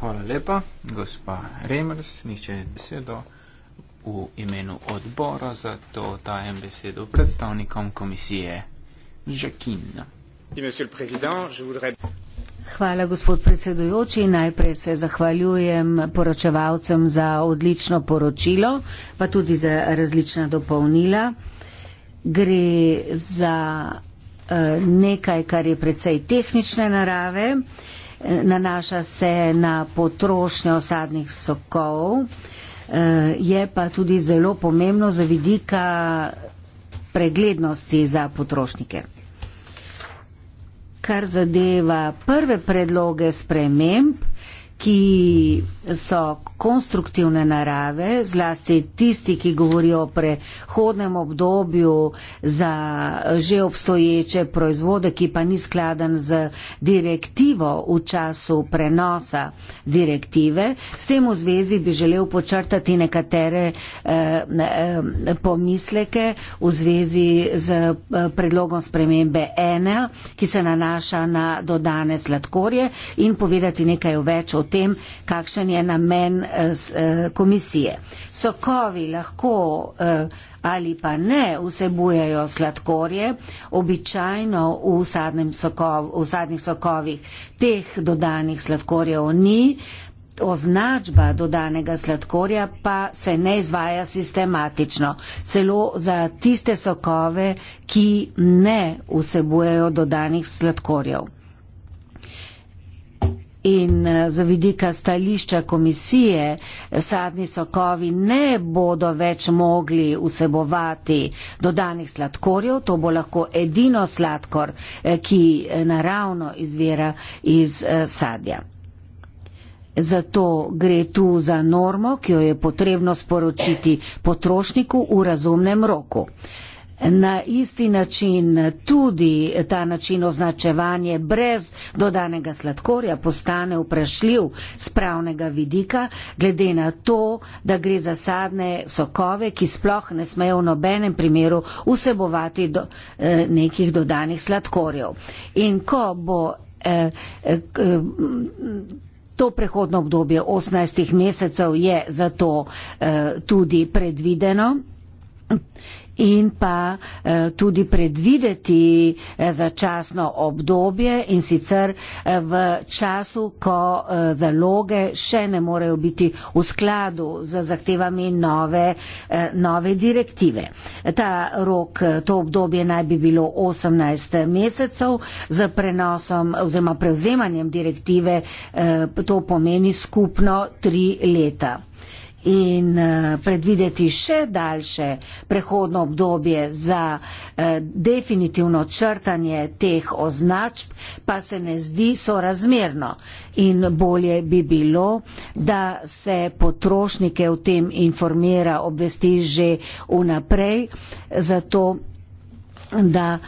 Hvala lepa, gospa Remers, nihče besedo v imenu odbora, zato dajem besedo predstavnikom komisije Žakin. Hvala, gospod predsedujoči. Najprej se zahvaljujem poročevalcem za odlično poročilo, pa tudi za različna dopolnila. Uh, gre za eh, nekaj, kar je predvsej tehnične narave, nanaša se na potrošnjo sadnih sokov, eh, je pa tudi zelo pomembno za vidika preglednosti za potrošnike. Kar zadeva prve predloge sprememb, ki so konstruktivne narave, zlasti tisti, ki govorijo o prehodnem obdobju za že obstoječe proizvode, ki pa ni skladen z direktivo v času prenosa direktive. S tem v zvezi bi želel počrtati nekatere eh, eh pomisleke v zvezi z eh, predlogom spremembe ene, ki se nanaša na dodane sladkorje in povedati nekaj več o tem, kakšen je namen eh, eh, komisije. Sokovi lahko eh, ali pa ne vsebujejo sladkorje, običajno v, sokov, v sadnih sokovih teh dodanih sladkorjev ni. Označba dodanega sladkorja pa se ne izvaja sistematično, celo za tiste sokove, ki ne vsebujejo dodanih sladkorjev in eh, za vidika stališča komisije eh, sadni sokovi ne bodo več mogli vsebovati dodanih sladkorjev, to bo lahko edino sladkor, eh, ki naravno izvira iz sadja. Zato gre tu za normo, ki jo je potrebno sporočiti potrošniku v razumnem roku. Na isti način tudi ta način označevanje brez dodanega sladkorja postane vprašljiv z pravnega vidika, glede na to, da gre za sadne sokove, ki sploh ne smejo v nobenem primeru vsebovati do, eh, nekih dodanih sladkorjev. In ko bo eh, eh, eh To prehodno obdobje 18 mesecev je zato eh, tudi predvideno in pa eh, tudi predvideti eh, začasno obdobje in sicer eh, v času, ko zaloge še ne morejo biti v skladu z zahtevami nove, nove direktive. Ta rok, to obdobje naj bi bilo 18 mesecev z prenosom oziroma prevzemanjem direktive, to pomeni skupno tri leta in eh, predvideti še daljše prehodno obdobje za eh, definitivno črtanje teh označb, pa se ne zdi sorazmerno. In bolje bi bilo, da se potrošnike o tem informira, obvesti že vnaprej, zato da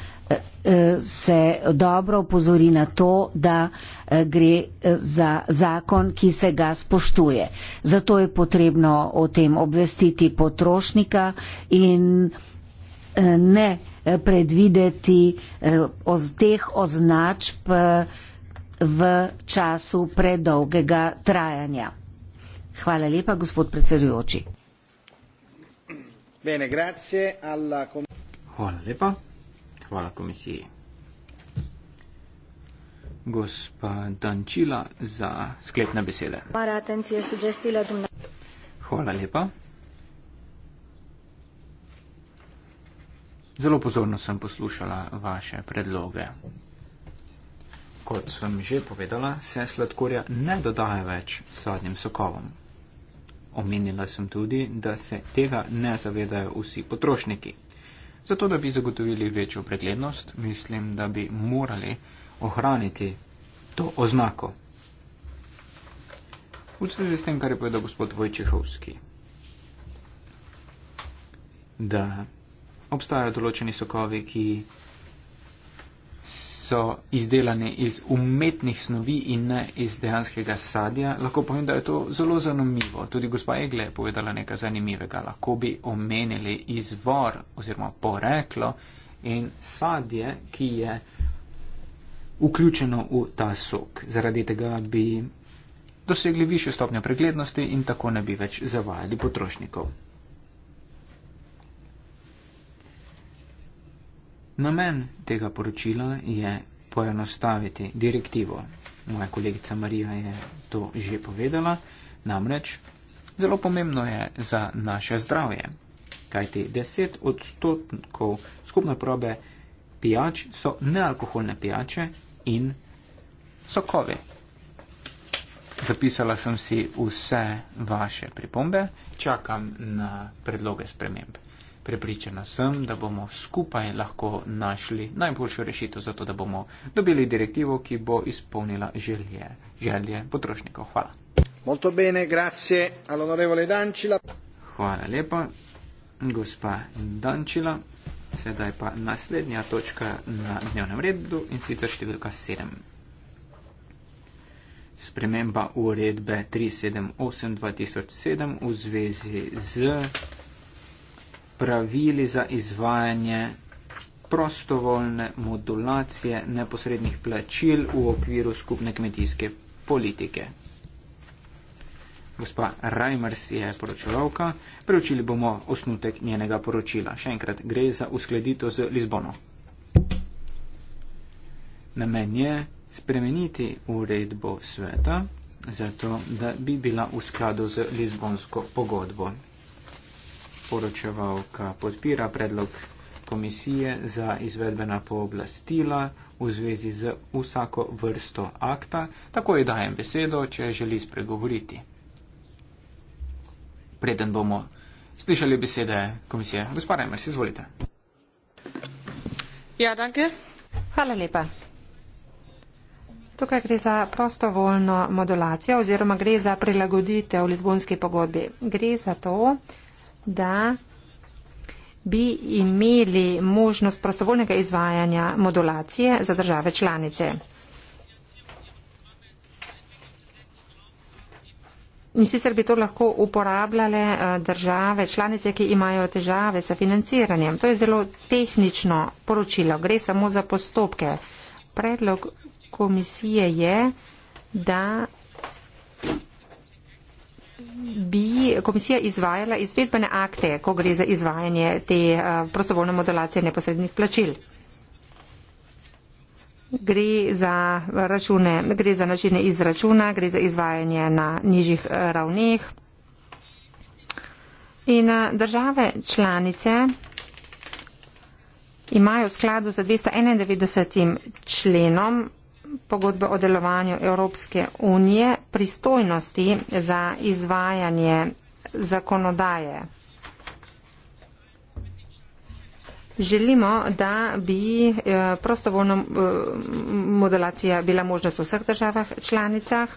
se dobro upozori na to, da eh, gre eh, za zakon, ki se ga spoštuje. Zato je potrebno o tem obvestiti potrošnika in eh, ne predvideti od teh označb v času predolgega trajanja. Hvala lepa, gospod predsedujoči. Bene, grazie alla... Hvala lepa. Hvala komisiji. Gospa Dančila za sklepne besede. Hvala lepa. Zelo pozorno sem poslušala vaše predloge. Kot sem že povedala, se sladkorja ne dodaja več sadnim sokovom. Omenila sem tudi, da se tega ne zavedajo vsi potrošniki. Zato, da bi zagotovili večjo preglednost, mislim, da bi morali ohraniti to oznako. V zvezi s tem, kar je povedal gospod Vojčehovski, da obstajajo določeni sokovi, ki so izdelane iz umetnih snovi in ne iz dejanskega sadja, lahko povem, da je to zelo zanimivo. Tudi gospa Egle je povedala nekaj zanimivega. Lahko bi omenili izvor oziroma poreklo in sadje, ki je vključeno v ta sok. Zaradi tega bi dosegli višjo stopnjo preglednosti in tako ne bi več zavajali potrošnikov. Namen tega poročila je poenostaviti direktivo. Moja kolegica Marija je to že povedala, namreč zelo pomembno je za naše zdravje, kajti 10 odstotkov skupne probe pijač so nealkoholne pijače in sokovi. Zapisala sem si vse vaše pripombe, čakam na predloge spremembe. Prepričana sem, da bomo skupaj lahko našli najboljšo rešitev za to, da bomo dobili direktivo, ki bo izpolnila želje, želje potrošnikov. Hvala. Bene, Hvala lepa, gospa Dančila. Sedaj pa naslednja točka na dnevnem redu in sicer številka 7. Sprememba uredbe 378-2007 v zvezi z pravili za izvajanje prostovoljne modulacije neposrednih plačil v okviru skupne kmetijske politike. Gospa Reimers je poročevalka, preučili bomo osnutek njenega poročila. Še enkrat gre za uskladitev z Lizbono. Namen je spremeniti uredbo sveta, zato da bi bila v skladu z Lizbonsko pogodbo poročevalka podpira predlog komisije za izvedbena pooblastila v zvezi z vsako vrsto akta. Tako je dajem besedo, če želi spregovoriti. Preden bomo slišali besede komisije. Gospod Remers, izvolite. Ja, danke. Hvala lepa. Tukaj gre za prostovoljno modulacijo oziroma gre za prilagoditev v Lizbonski pogodbi. Gre za to, da da bi imeli možnost prostovoljnega izvajanja modulacije za države članice. In sicer bi to lahko uporabljale eh, države članice, ki imajo težave sa financiranjem. To je zelo tehnično poročilo, gre samo za postopke. Predlog komisije je, da bi komisija izvajala izvedbene akte, ko gre za izvajanje te eh, prostovoljne modulacije neposrednih plačil. Gre za, račune, gre za načine izračuna, gre za izvajanje na nižjih eh, ravneh. In eh, države članice imajo v skladu z 291. členom pogodbe o delovanju Evropske unije pristojnosti za izvajanje zakonodaje. Želimo, da bi eh, prostovoljna eh, modulacija bila možnost v vseh državah članicah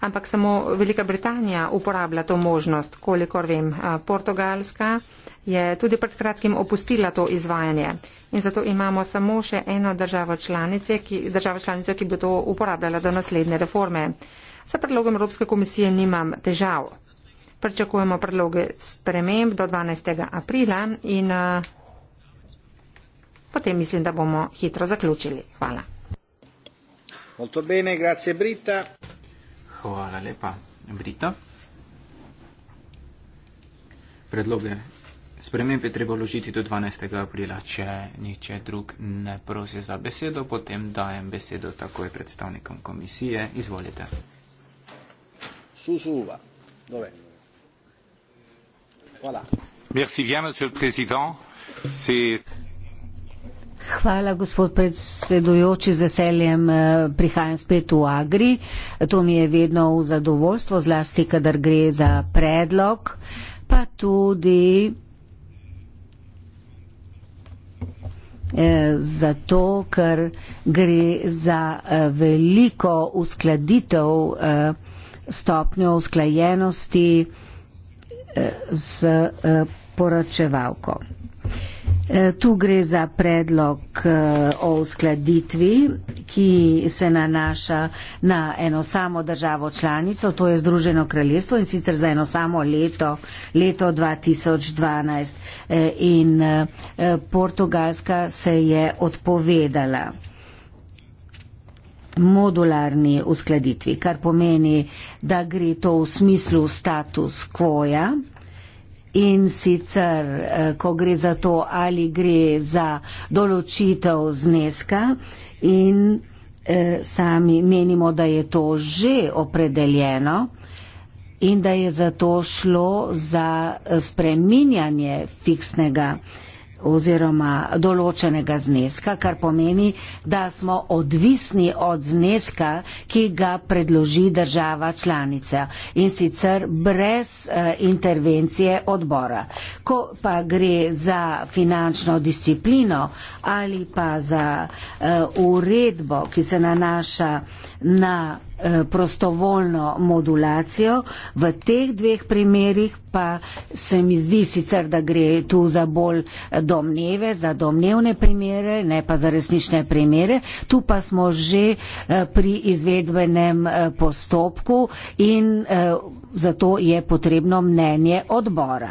ampak samo Velika Britanija uporablja to možnost, kolikor vem. Eh, Portugalska je tudi pred kratkim opustila to izvajanje in zato imamo samo še eno državo članice, ki, državo članice, ki bi to uporabljala do naslednje reforme. Sa predlogom Evropske komisije nimam težav. Pričakujemo predloge sprememb do 12. aprila in eh, potem mislim, da bomo hitro zaključili. Hvala. Molto bene, grazie Britta. Hvala lepa, Brita. Predloge sprememb je treba vložiti do 12. aprila. Če niče drug ne prosi za besedo, potem dajem besedo takoj predstavnikom komisije. Izvolite. Susuva. Dove. Hvala. Merci bien, monsieur le président. Hvala, gospod predsedujoči, z veseljem eh, prihajam spet v Agri. To mi je vedno v zadovoljstvo, zlasti, kadar gre za predlog, pa tudi eh, zato, ker gre za eh, veliko uskladitev stopnjo usklajenosti z poročevalko. Eh, tu gre za predlog eh, o uskladitvi, ki se nanaša na eno samo državo članico, to je Združeno kraljestvo in sicer za eno samo leto, leto 2012. Eh, in Portugalska se je odpovedala modularni uskladitvi, kar pomeni, da gre to v smislu status quo, In sicer, eh, ko gre za to, ali gre za določitev zneska in eh, sami menimo, da je to že opredeljeno in da je zato šlo za eh, spreminjanje fiksnega eh, oziroma določenega zneska, kar pomeni, da smo odvisni od zneska, ki ga predloži država članica in sicer brez uh, intervencije odbora. Ko pa gre za finančno disciplino ali pa za uh, uredbo, ki se nanaša na Eh, prostovoljno modulacijo. V teh dveh primerih pa se mi zdi sicer, da gre tu za bolj eh, domneve, za domnevne primere, ne pa za resnične primere. Tu pa smo že eh, pri izvedbenem postopku in zato je potrebno mnenje odbora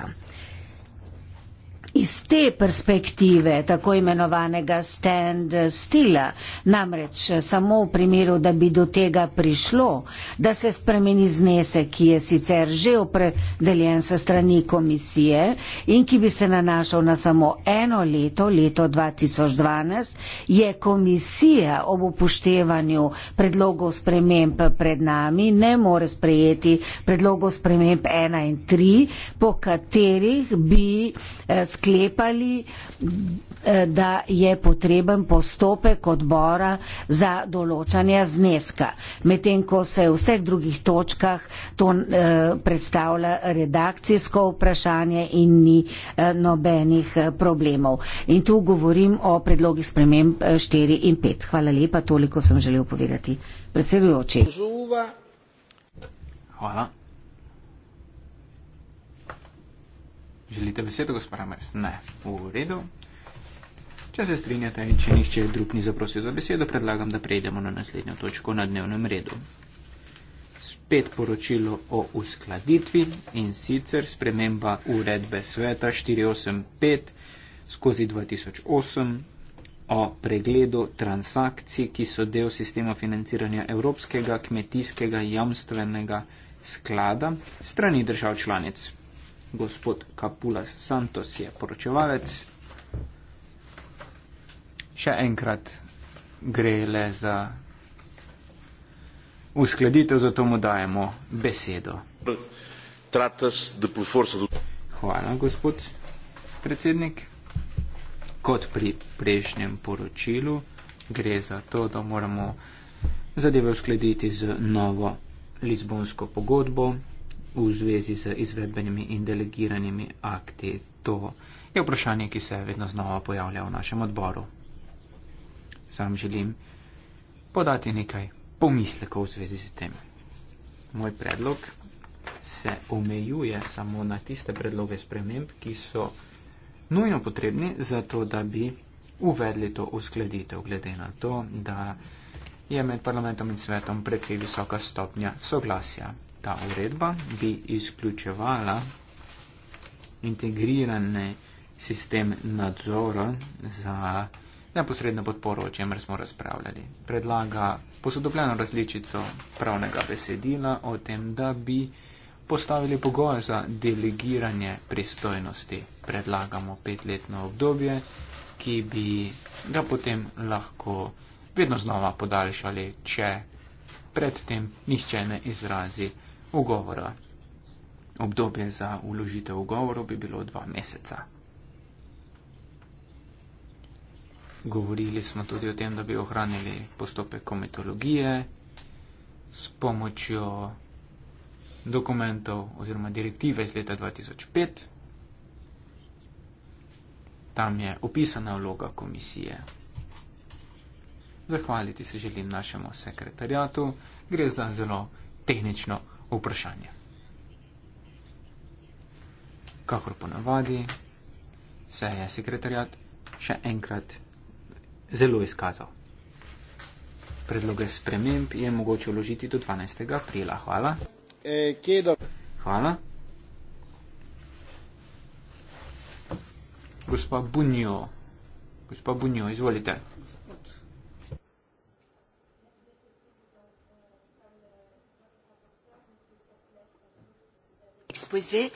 iz te perspektive tako imenovanega stand stila, namreč samo v primeru, da bi do tega prišlo, da se spremeni znese, ki je sicer že opredeljen sa strani komisije in ki bi se nanašal na samo eno leto, leto 2012, je komisija ob upoštevanju predlogov sprememb pred nami ne more sprejeti predlogov sprememb 1 in 3, po katerih bi eh, sklepali sklepali, eh, da je potreben postopek odbora za določanje zneska. Medtem, ko se v vseh drugih točkah to eh, predstavlja redakcijsko vprašanje in ni eh, nobenih problemov. In tu govorim o predlogih sprememb 4 in 5. Hvala lepa, toliko sem želel povedati. Predsedujoči. Hvala. Želite besedo, gospod Ramers? Ne. V redu. Če se strinjate in če nišče drug ni zaprosil za besedo, predlagam, da prejdemo na naslednjo točko na dnevnem redu. Spet poročilo o uskladitvi in sicer sprememba uredbe sveta 485 skozi 2008 o pregledu transakcij, ki so del sistema financiranja Evropskega kmetijskega jamstvenega sklada strani držav članic gospod Kapulas Santos je poročevalec. Še enkrat gre le za uskladitev, zato mu dajemo besedo. Hvala, gospod predsednik. Kot pri prejšnjem poročilu gre za to, da moramo zadeve uskladiti z novo Lizbonsko pogodbo, v zvezi z izvedbenimi in delegiranimi akti? To je vprašanje, ki se vedno znova pojavlja v našem odboru. Sam želim podati nekaj pomislekov v zvezi s tem. Moj predlog se omejuje samo na tiste predloge sprememb, ki so nujno potrebni za to, da bi uvedli to uskladitev, glede na to, da je med parlamentom in svetom precej visoka stopnja soglasja ta uredba bi izključevala integrirane sistem nadzora za neposredno podporo, o čemer smo razpravljali. Predlaga posodobljeno različico pravnega besedila o tem, da bi postavili pogoje za delegiranje pristojnosti. Predlagamo petletno obdobje, ki bi ga potem lahko vedno znova podaljšali, če predtem nihče ne izrazi ugovora. Obdobje za uložitev ugovorov bi bilo dva meseca. Govorili smo tudi o tem, da bi ohranili postopek kometologije s pomočjo dokumentov oziroma direktive iz leta 2005. Tam je opisana vloga komisije. Zahvaliti se želim našemu sekretarjatu. Gre za zelo tehnično vprašanje. Kakor ponavadi, se je sekretarjat še enkrat zelo izkazal. Predloge sprememb je mogoče vložiti do 12. aprila. Hvala. E, Hvala. Gospa Bunjo, gospa Bunjo, izvolite. exposé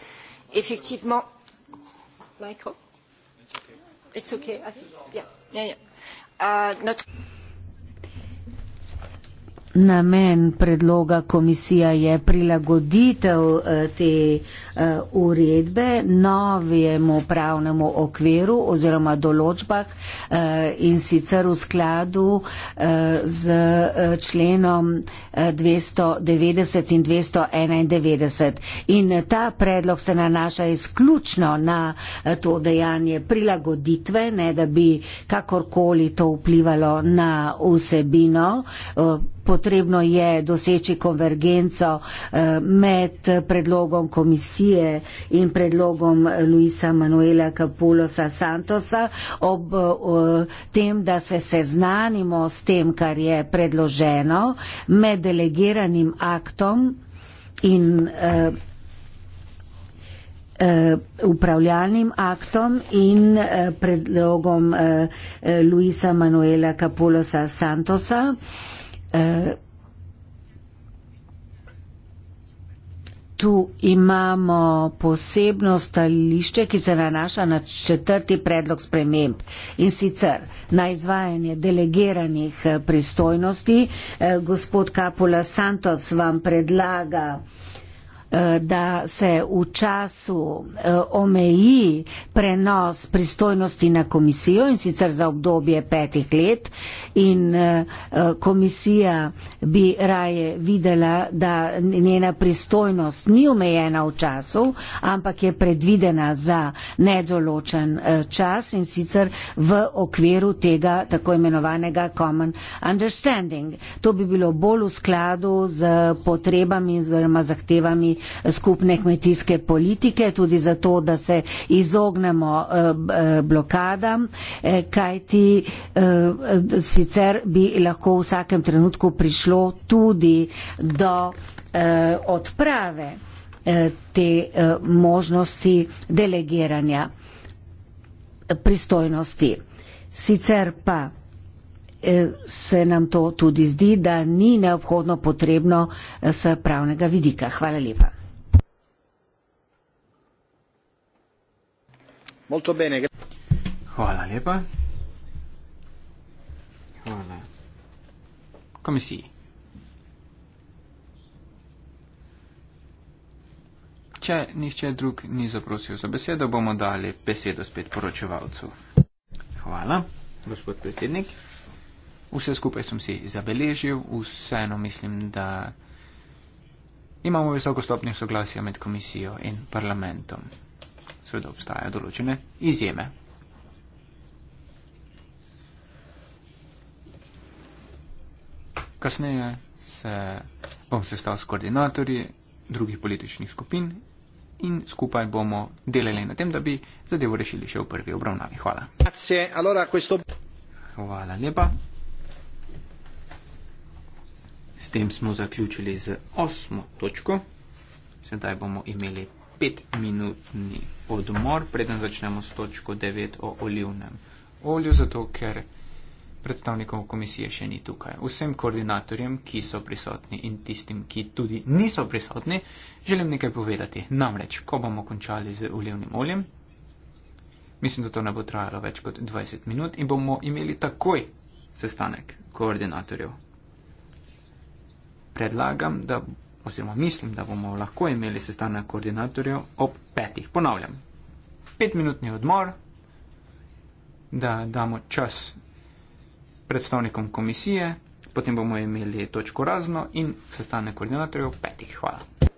effectivement uh, notre Namen predloga komisija je prilagoditev eh, te eh, uredbe novjemu pravnemu okviru oziroma določbah eh, in sicer v skladu z členom 290 in 291. In ta predlog se nanaša izključno na to dejanje prilagoditve, ne da bi kakorkoli to vplivalo na vsebino potrebno je doseči konvergenco eh, med predlogom komisije in predlogom Luisa Manuela Capulosa Santosa ob eh, tem, da se seznanimo s tem, kar je predloženo med delegiranim aktom in eh, upravljalnim aktom in predlogom Luisa Manuela Capulosa Santosa. Tu imamo posebno stališče, ki se nanaša na četrti predlog sprememb in sicer na izvajanje delegiranih eh, pristojnosti. Eh, gospod Kapula Santos vam predlaga, eh, da se v času omeji prenos pristojnosti na komisijo in sicer za obdobje petih let in eh, eh, komisija bi raje videla, da njena pristojnost ni omejena v času, ampak je predvidena za nedoločen eh, čas in sicer v okviru tega tako imenovanega common understanding. To bi bilo bolj v skladu z potrebami oziroma zahtevami skupne kmetijske politike, tudi zato, da se izognemo blokadam, kajti si sicer bi lahko v vsakem trenutku prišlo tudi do eh, odprave eh, te eh, možnosti delegiranja pristojnosti. Sicer pa eh, se nam to tudi zdi, da ni neobhodno potrebno eh, s pravnega vidika. Hvala lepa. Hvala lepa. Hvala. Komisiji. Če nišče drug ni zaprosil za besedo, bomo dali besedo spet poročevalcu. Hvala, gospod predsednik. Vse skupaj sem si zabeležil, vseeno mislim, da imamo visoko stopnjo soglasja med komisijo in parlamentom. Seveda obstajajo določene izjeme, Kasneje se bom sestal s koordinatorji drugih političnih skupin in skupaj bomo delali na tem, da bi zadevo rešili še v prvi obravnavi. Hvala. Hvala lepa. S tem smo zaključili z osmo točko. Sedaj bomo imeli petminutni odmor, preden začnemo s točko 9 o olivnem olju, zato ker predstavnikov komisije še ni tukaj. Vsem koordinatorjem, ki so prisotni in tistim, ki tudi niso prisotni, želim nekaj povedati. Namreč, ko bomo končali z olivnim oljem, mislim, da to ne bo trajalo več kot 20 minut in bomo imeli takoj sestanek koordinatorjev. Predlagam, da, oziroma mislim, da bomo lahko imeli sestanek koordinatorjev ob petih. Ponavljam, petminutni odmor, da damo čas predstavnikom komisije, potem bomo imeli točko razno in sestanek koordinatorjev petih. Hvala.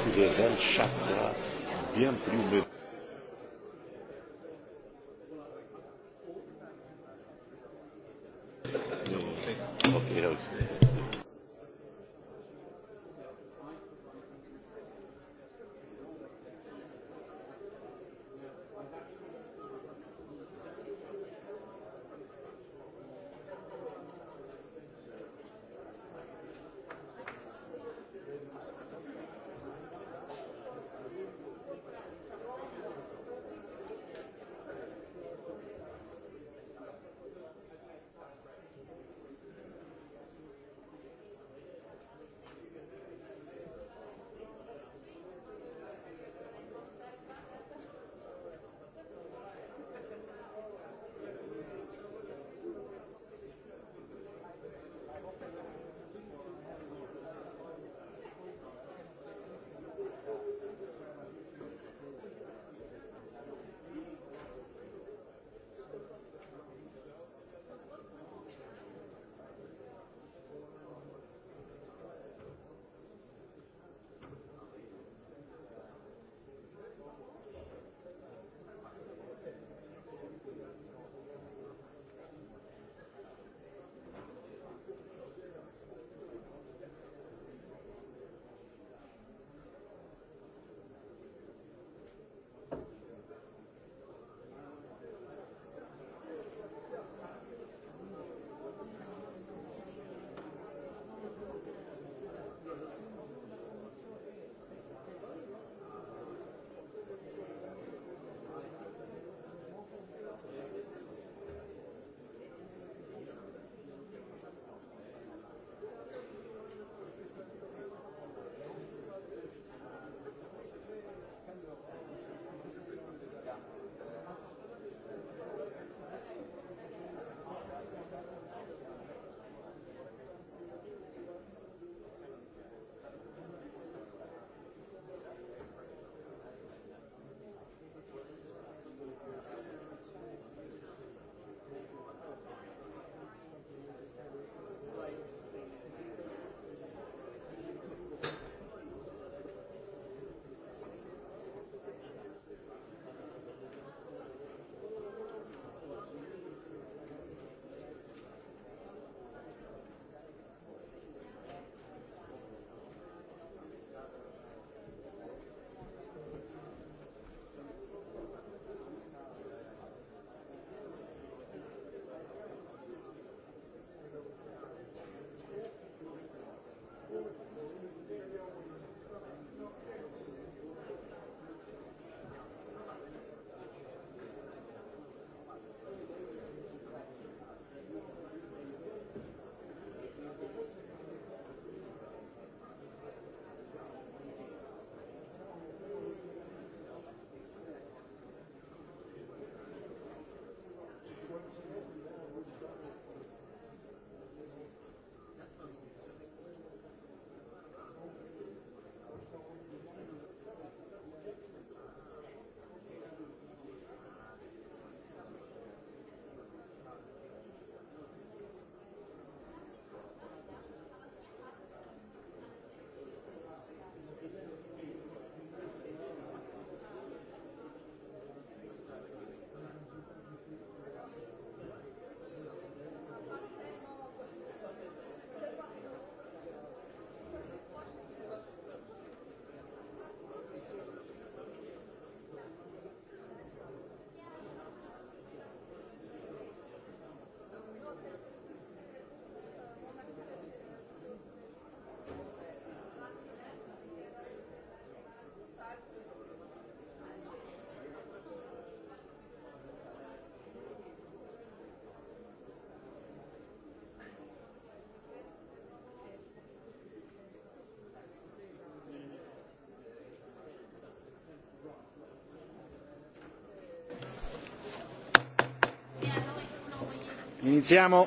si les reines châtières bien plus mûres. Iniziamo.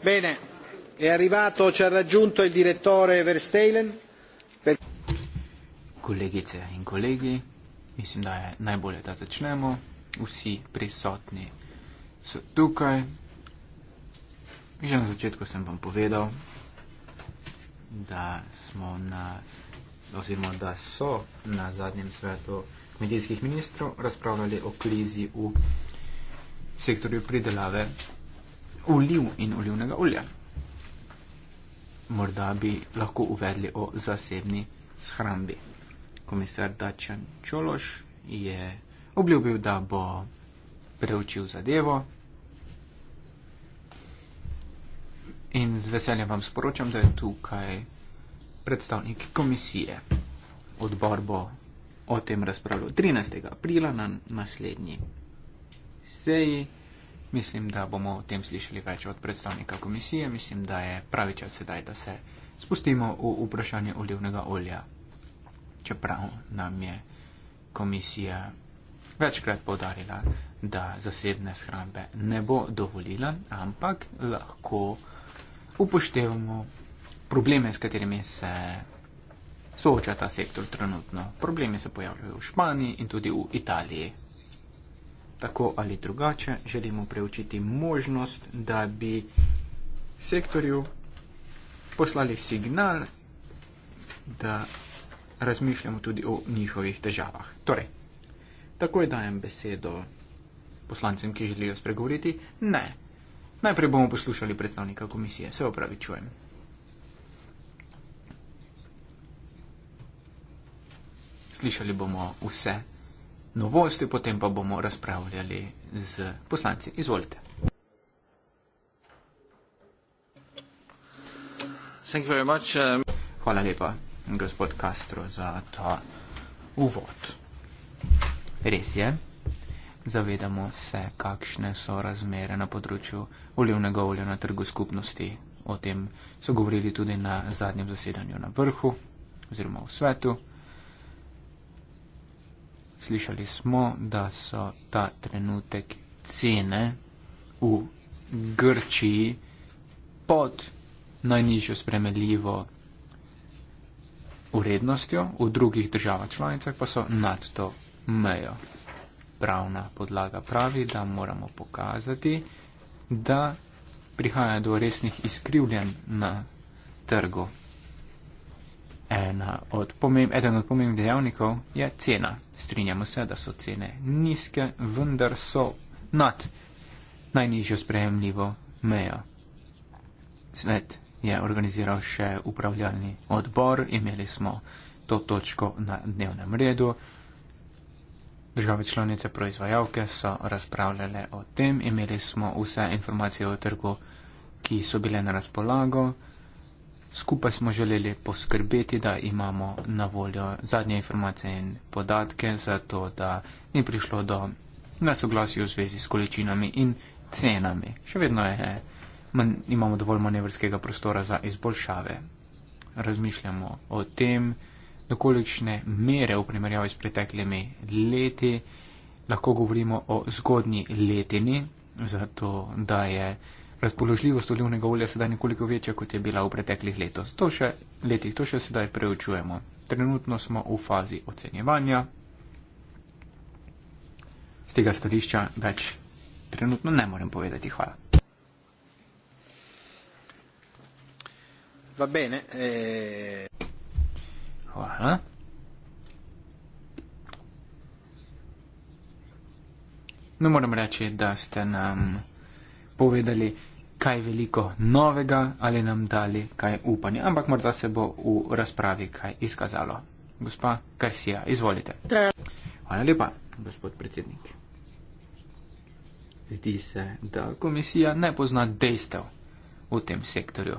Bene ci ha raggiunto il direttore verheugen per. kolegice in kolegi mislim da je najbolje da začnemo vsi prisotni so tukaj že na začetku sem vam povedal da smo na oziroma da so na zadnjem svetu kmetijskih ministrov razpravljali o krizi v sektorju pridelave oliv in olivnega olja morda bi lahko uvedli o zasebni shrambi. Komisar Dačan Čološ je obljubil, da bo preučil zadevo. In z veseljem vam sporočam, da je tukaj predstavnik komisije. Odbor bo o tem razpravljal 13. aprila na naslednji seji. Mislim, da bomo o tem slišali več od predstavnika komisije. Mislim, da je pravi čas sedaj, da se spustimo v vprašanje olivnega olja. Čeprav nam je komisija večkrat podarila, da zasebne shrambe ne bo dovolila, ampak lahko upoštevamo probleme, s katerimi se sooča ta sektor trenutno. Problemi se pojavljajo v Španiji in tudi v Italiji tako ali drugače želimo preučiti možnost, da bi sektorju poslali signal, da razmišljamo tudi o njihovih težavah. Torej, takoj dajem besedo poslancem, ki želijo spregovoriti. Ne. Najprej bomo poslušali predstavnika komisije. Se opravičujem. Slišali bomo vse novosti, potem pa bomo razpravljali z poslanci. Izvolite. Um, Hvala lepa, gospod Castro, za ta uvod. Res je, zavedamo se, kakšne so razmere na področju olivnega olja na trgu skupnosti. O tem so govorili tudi na zadnjem zasedanju na vrhu oziroma v svetu. Slišali smo, da so ta trenutek cene v Grčiji pod najnižjo spremeljivo urednostjo, v drugih državah članicah pa so nad to mejo. Pravna podlaga pravi, da moramo pokazati, da prihaja do resnih izkrivljen na trgu ena od eden od pomembnih dejavnikov je cena. Strinjamo se, da so cene nizke, vendar so nad najnižjo sprejemljivo mejo. Svet je organiziral še upravljalni odbor, imeli smo to točko na dnevnem redu. Države članice proizvajalke so razpravljale o tem, imeli smo vse informacije o trgu, ki so bile na razpolago. Skupaj smo želeli poskrbeti, da imamo na voljo zadnje informacije in podatke, zato da ni prišlo do nesoglasja v zvezi s količinami in cenami. Še vedno je, man, imamo dovolj manevrskega prostora za izboljšave. Razmišljamo o tem, dokolikšne mere v primerjavi s preteklimi leti. Lahko govorimo o zgodnji letini, zato da je razpoložljivost olivnega olja sedaj nekoliko večja, kot je bila v preteklih letos. To še, letih. To še sedaj preučujemo. Trenutno smo v fazi ocenjevanja. Z tega stališča več trenutno ne morem povedati. Hvala. Va bene, eh... Hvala. No, moram reči, da ste nam povedali, kaj veliko novega ali nam dali kaj upanja, ampak morda se bo v razpravi kaj izkazalo. Gospa Kasija, izvolite. Hvala lepa, gospod predsednik. Zdi se, da komisija ne pozna dejstev v tem sektorju.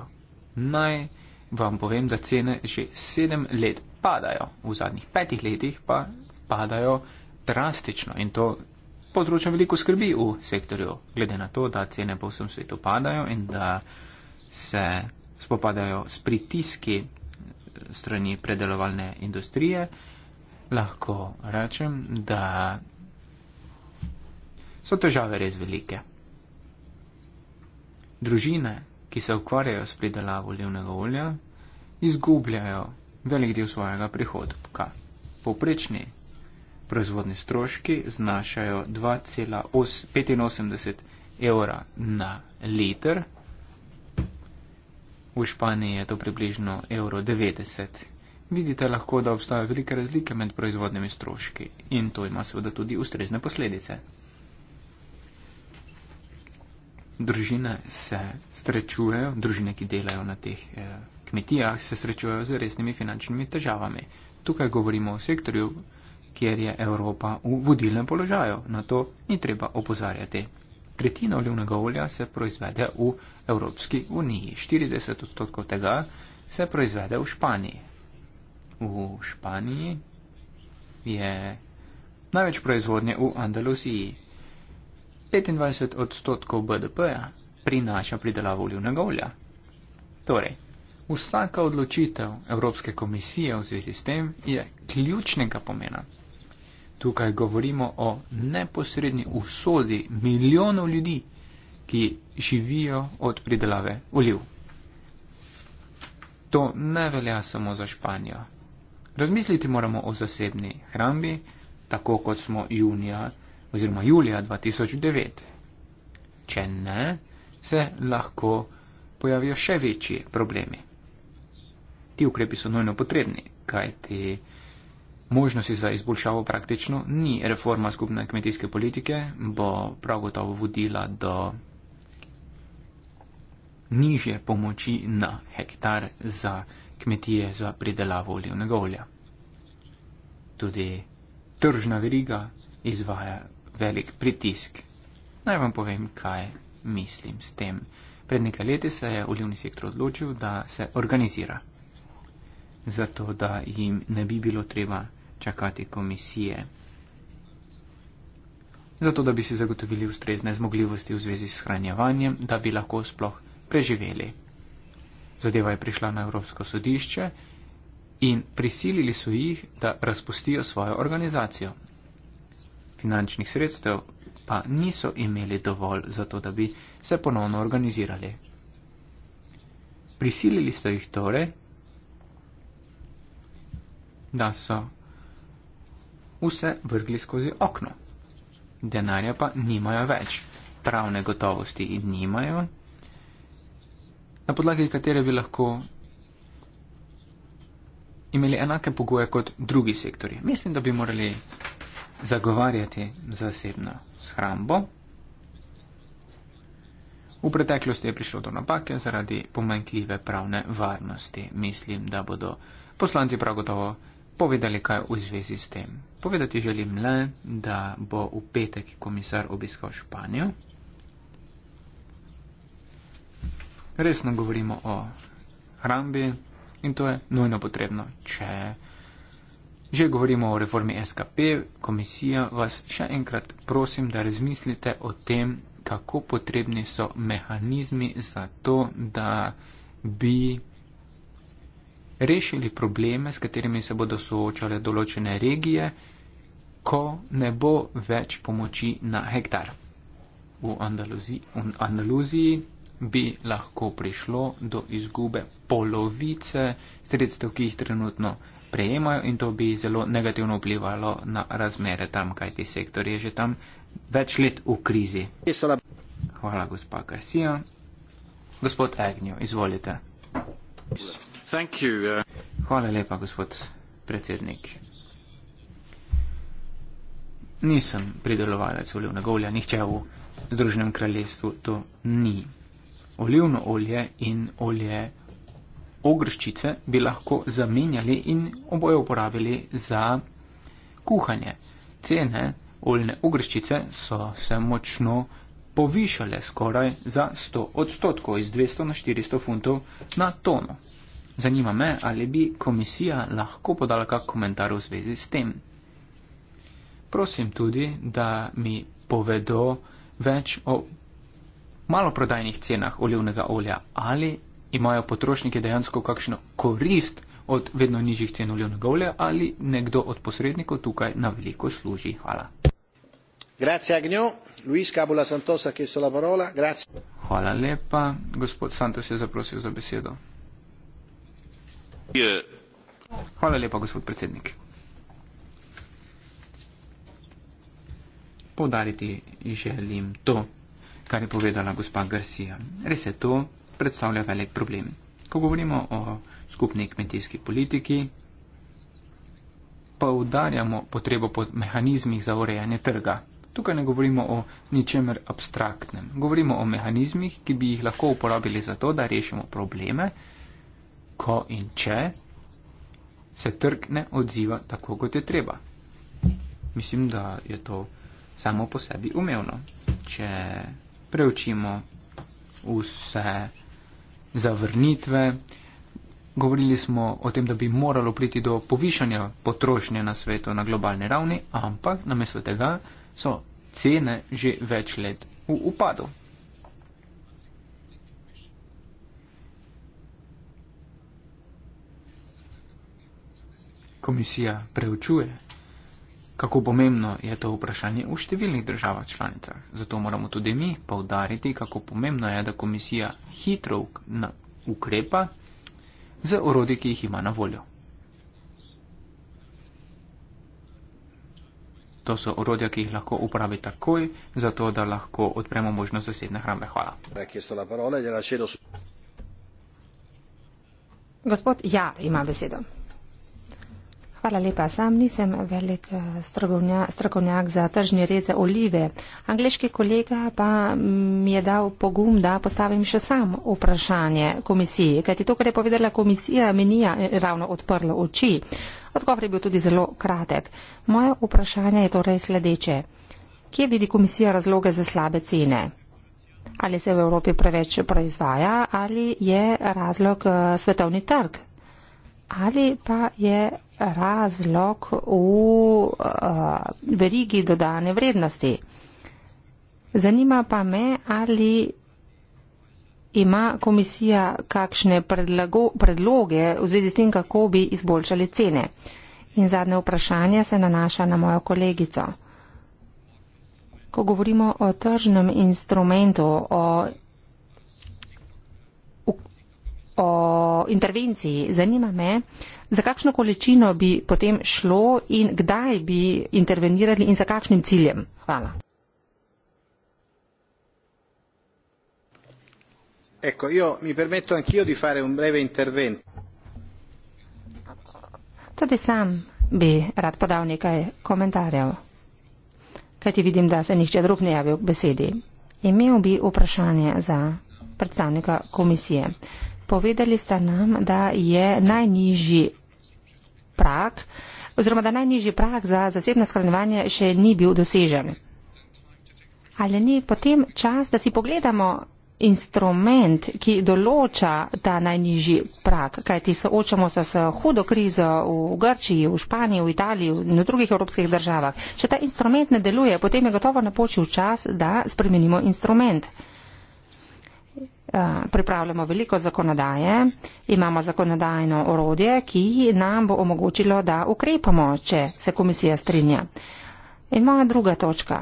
Naj vam povem, da cene že sedem let padajo, v zadnjih petih letih pa padajo drastično in to povzroča veliko skrbi v sektorju, glede na to, da cene po vsem svetu padajo in da se spopadajo s pritiski strani predelovalne industrije. Lahko rečem, da so težave res velike. Družine, ki se ukvarjajo s pridelavo olivnega olja, izgubljajo velik del svojega prihodka. Poprečni proizvodni stroški znašajo 2,85 evra na liter. V Španiji je to približno evro 90. Vidite lahko, da obstajajo velike razlike med proizvodnimi stroški in to ima seveda tudi ustrezne posledice. Družine se srečujejo, družine, ki delajo na teh eh, kmetijah, se srečujejo z resnimi finančnimi težavami. Tukaj govorimo o sektorju, kjer je Evropa v vodilnem položaju. Na to ni treba opozarjati. Tretjina olivnega olja se proizvede v Evropski uniji, 40 odstotkov tega se proizvede v Španiji. V Španiji je največ proizvodnje v Andaluziji. 25 odstotkov BDP-ja prinaša pridelavo olivnega olja. Torej, vsaka odločitev Evropske komisije v zvezi s tem je ključnega pomena. Tukaj govorimo o neposredni usodi milijonov ljudi, ki živijo od pridelave oliv. To ne velja samo za Španijo. Razmisliti moramo o zasebni hrambi, tako kot smo junija oziroma julija 2009. Če ne, se lahko pojavijo še večji problemi. Ti ukrepi so nujno potrebni, kajti možnosti za izboljšavo praktično ni. Reforma skupne kmetijske politike bo prav gotovo vodila do niže pomoči na hektar za kmetije za pridelavo olivnega olja. Tudi tržna veriga izvaja velik pritisk. Naj vam povem, kaj mislim s tem. Pred nekaj leti se je olivni sektor odločil, da se organizira zato da jim ne bi bilo treba čakati komisije, zato da bi si zagotovili ustrezne zmogljivosti v zvezi s hranjevanjem, da bi lahko sploh preživeli. Zadeva je prišla na Evropsko sodišče in prisilili so jih, da razpustijo svojo organizacijo. Finančnih sredstev pa niso imeli dovolj za to, da bi se ponovno organizirali. Prisilili so jih torej, da so vse vrgli skozi okno. Denarja pa nimajo več, pravne gotovosti in nimajo, na podlagi katere bi lahko imeli enake pogoje kot drugi sektori. Mislim, da bi morali zagovarjati zasebno shrambo. V preteklosti je prišlo do napake zaradi pomankljive pravne varnosti. Mislim, da bodo poslanci prav gotovo povedali kaj v zvezi s tem. Povedati želim le, da bo v petek komisar obiskal Španijo. Resno govorimo o hrambi in to je nujno potrebno, če že govorimo o reformi SKP, komisija vas še enkrat prosim, da razmislite o tem, kako potrebni so mehanizmi za to, da bi rešili probleme, s katerimi se bodo soočale določene regije, ko ne bo več pomoči na hektar. V Andaluziji bi lahko prišlo do izgube polovice sredstev, ki jih trenutno prejemajo in to bi zelo negativno vplivalo na razmere tam, kaj ti sektor je že tam več let v krizi. Hvala, gospa Garcia. Gospod Agnew, izvolite. Hvala. Uh, Hvala lepa, gospod predsednik. Nisem pridelovalec olivnega olja, nihče v Združenem kraljestvu to ni. Olivno olje in olje ogrščice bi lahko zamenjali in oboje uporabili za kuhanje. Cene oljne ogrščice so se močno povišale skoraj za 100 odstotkov iz 200 na 400 funtov na tono. Zanima me, ali bi komisija lahko podala kak komentar v zvezi s tem. Prosim tudi, da mi povedo več o maloprodajnih cenah olivnega olja, ali imajo potrošniki dejansko kakšno korist od vedno nižjih cen olivnega olja, ali nekdo od posrednikov tukaj na veliko služi. Hvala. Hvala lepa. Gospod Santos je zaprosil za besedo. Hvala lepa, gospod predsednik. Povdariti želim to, kar je povedala gospa Garcia. Res je to, predstavlja velik problem. Ko govorimo o skupni kmetijski politiki, pa udarjamo potrebo po mehanizmih za urejanje trga. Tukaj ne govorimo o ničemer abstraktnem. Govorimo o mehanizmih, ki bi jih lahko uporabili za to, da rešimo probleme, ko in če se trg ne odziva tako, kot je treba. Mislim, da je to samo po sebi umevno. Če preučimo vse zavrnitve, govorili smo o tem, da bi moralo priti do povišanja potrošnje na svetu na globalni ravni, ampak namesto tega so cene že več let v upadu. komisija preučuje, kako pomembno je to vprašanje v številnih državah članicah. Zato moramo tudi mi povdariti, kako pomembno je, da komisija hitro ukrepa z orodi, ki jih ima na voljo. To so orodja, ki jih lahko uporabi takoj, zato da lahko odpremo možnost zasedne hrame. Hvala. Gospod Jar ima besedo. Hvala lepa. Sam nisem velik eh, strokovnjak za tržni red za olive. Angliški kolega pa mi je dal pogum, da postavim še sam vprašanje komisiji, kajti to, kar je povedala komisija, mi ni ja, ravno odprlo oči. Odgovor je bil tudi zelo kratek. Moje vprašanje je torej sledeče. Kje vidi komisija razloge za slabe cene? Ali se v Evropi preveč proizvaja ali je razlog eh, svetovni trg ali pa je razlog v uh, verigi dodane vrednosti. Zanima pa me, ali ima komisija kakšne predlago, predloge v zvezi s tem, kako bi izboljšali cene. In zadnje vprašanje se nanaša na mojo kolegico. Ko govorimo o tržnem instrumentu, o o intervenciji. Zanima me, za kakšno količino bi potem šlo in kdaj bi intervenirali in za kakšnim ciljem. Hvala. Ecco, io mi permetto anch'io di fare un breve intervento. Tudi sam bi rad podal nekaj komentarjev, kajti vidim, da se nihče drug ne javil k besedi. Imel bi vprašanje za predstavnika komisije. Povedali ste nam, da je najnižji prak, oziroma da najnižji prak za zasebno shranjevanje še ni bil dosežen. Ali ni potem čas, da si pogledamo instrument, ki določa ta najnižji prak, kajti soočamo se s hudo krizo v Grčiji, v Španiji, v Italiji in v drugih evropskih državah. Če ta instrument ne deluje, potem je gotovo napočil čas, da spremenimo instrument. Eh, pripravljamo veliko zakonodaje, imamo zakonodajno orodje, ki nam bo omogočilo, da ukrepamo, če se komisija strinja. In moja druga točka,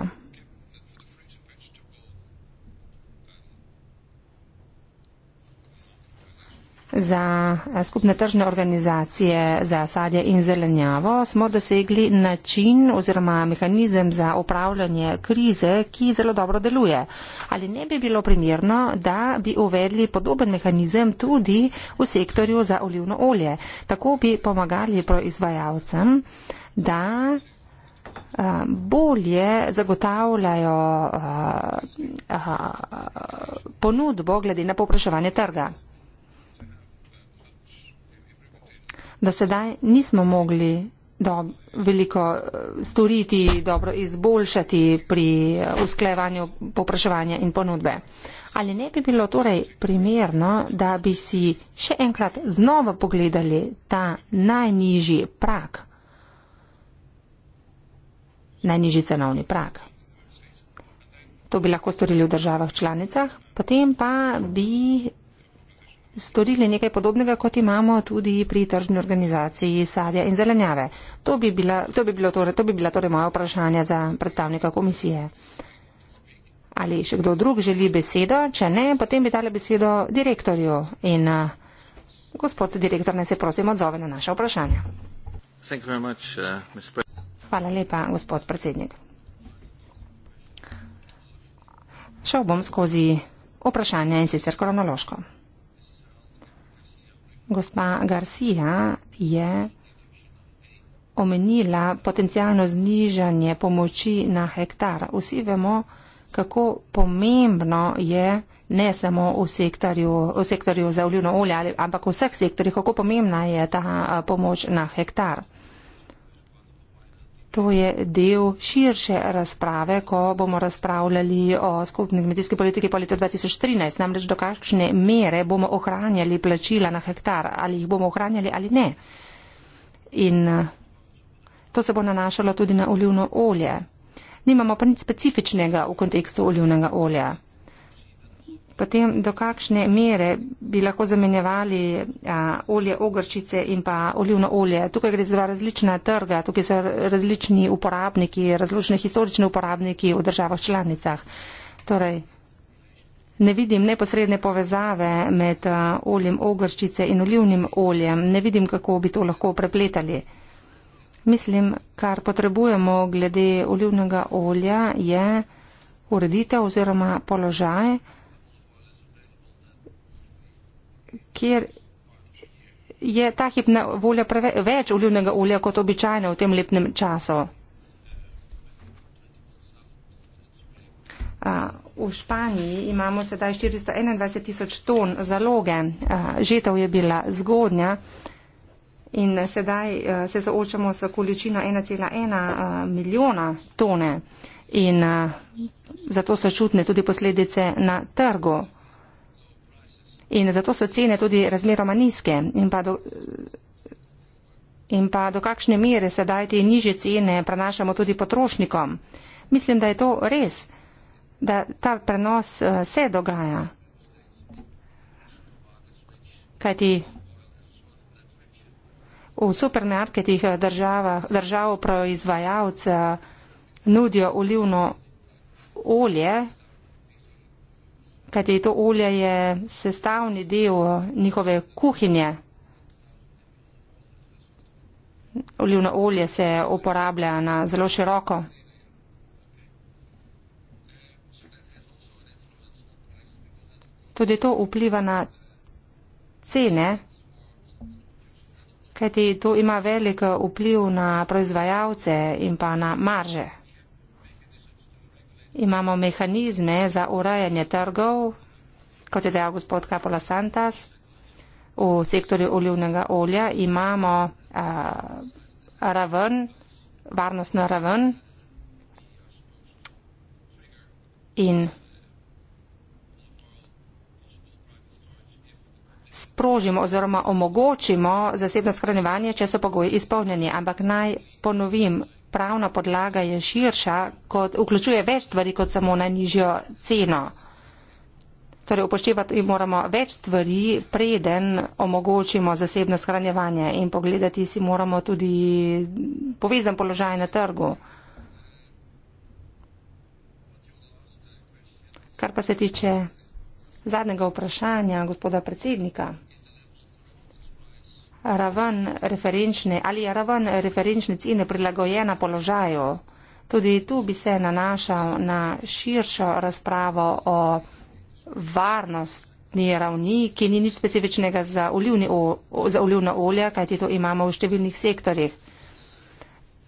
Za eh, skupne tržne organizacije za sadje in zelenjavo smo dosegli način oziroma mehanizem za upravljanje krize, ki zelo dobro deluje. Ali ne bi bilo primirno, da bi uvedli podoben mehanizem tudi v sektorju za olivno olje? Tako bi pomagali proizvajalcem, da eh, bolje zagotavljajo eh, ponudbo glede na popraševanje trga. do sedaj nismo mogli do, veliko eh, storiti, dobro izboljšati pri eh, usklajevanju popraševanja in ponudbe. Ali ne bi bilo torej primerno, da bi si še enkrat znova pogledali ta najnižji prak, najnižji cenovni prak? To bi lahko storili v državah članicah, potem pa bi storili nekaj podobnega, kot imamo tudi pri tržni organizaciji sadja in zelenjave. To bi bila, to bi bilo torej, to bi bila torej moja vprašanja za predstavnika komisije. Ali še kdo drug želi besedo? Če ne, potem bi dala besedo direktorju. In eh, gospod direktor, naj se prosim odzove na naše vprašanje. Much, uh, Hvala lepa, gospod predsednik. Šel bom skozi vprašanje in sicer kronološko. Gospa Garcia je omenila potencijalno znižanje pomoči na hektar. Vsi vemo, kako pomembno je ne samo v sektorju, v sektorju za oljuno olje, ampak v vseh sektorjih, kako pomembna je ta pomoč na hektar. To je del širše razprave, ko bomo razpravljali o skupni kmetijski politiki po letu 2013, namreč do kakšne mere bomo ohranjali plačila na hektar, ali jih bomo ohranjali ali ne. In to se bo nanašalo tudi na olivno olje. Nimamo pa nič specifičnega v kontekstu olivnega olja. Potem, do kakšne mere bi lahko zamenjevali a, olje ogrčice in pa olivno olje. Tukaj gre za dva različna trga, tukaj so različni uporabniki, različni historični uporabniki v državah članicah. Torej, ne vidim neposredne povezave med a, oljem ogrčice in olivnim oljem, ne vidim, kako bi to lahko prepletali. Mislim, kar potrebujemo glede olivnega olja je ureditev oziroma položaj, kjer je ta hipna volja preveč olivnega olja kot običajno v tem lepnem času. V Španiji imamo sedaj 421 tisoč ton zaloge. Žetev je bila zgodnja in sedaj se soočamo s količino 1,1 milijona tone in zato so čutne tudi posledice na trgu. In zato so cene tudi razmeroma nizke. In pa, do, in pa do kakšne mere sedaj te niže cene prenašamo tudi potrošnikom. Mislim, da je to res, da ta prenos eh, se dogaja. Kaj ti v supermarketih eh, držav proizvajalca nudijo olivno olje, kajti to olje je sestavni del njihove kuhinje. Olivno olje se uporablja na zelo široko. Tudi to vpliva na cene, kajti to ima velik vpliv na proizvajalce in pa na marže imamo mehanizme za urajanje trgov, kot je dejal gospod Kapola Santas, v sektorju olivnega olja imamo a, raven, varnostno raven in sprožimo oziroma omogočimo zasebno skranjevanje, če so pogoji izpolnjeni. Ampak naj ponovim, pravna podlaga je širša, kot vključuje več stvari, kot samo najnižjo ceno. Torej upoštevati moramo več stvari, preden omogočimo zasebno skranjevanje in pogledati si moramo tudi povezan položaj na trgu. Kar pa se tiče zadnjega vprašanja gospoda predsednika raven referenčne ali raven referenčne cene prilagojena položaju. Tudi tu bi se nanašal na širšo razpravo o varnostni ravni, ki ni nič specifičnega za olivno olje, kajti to imamo v številnih sektorjih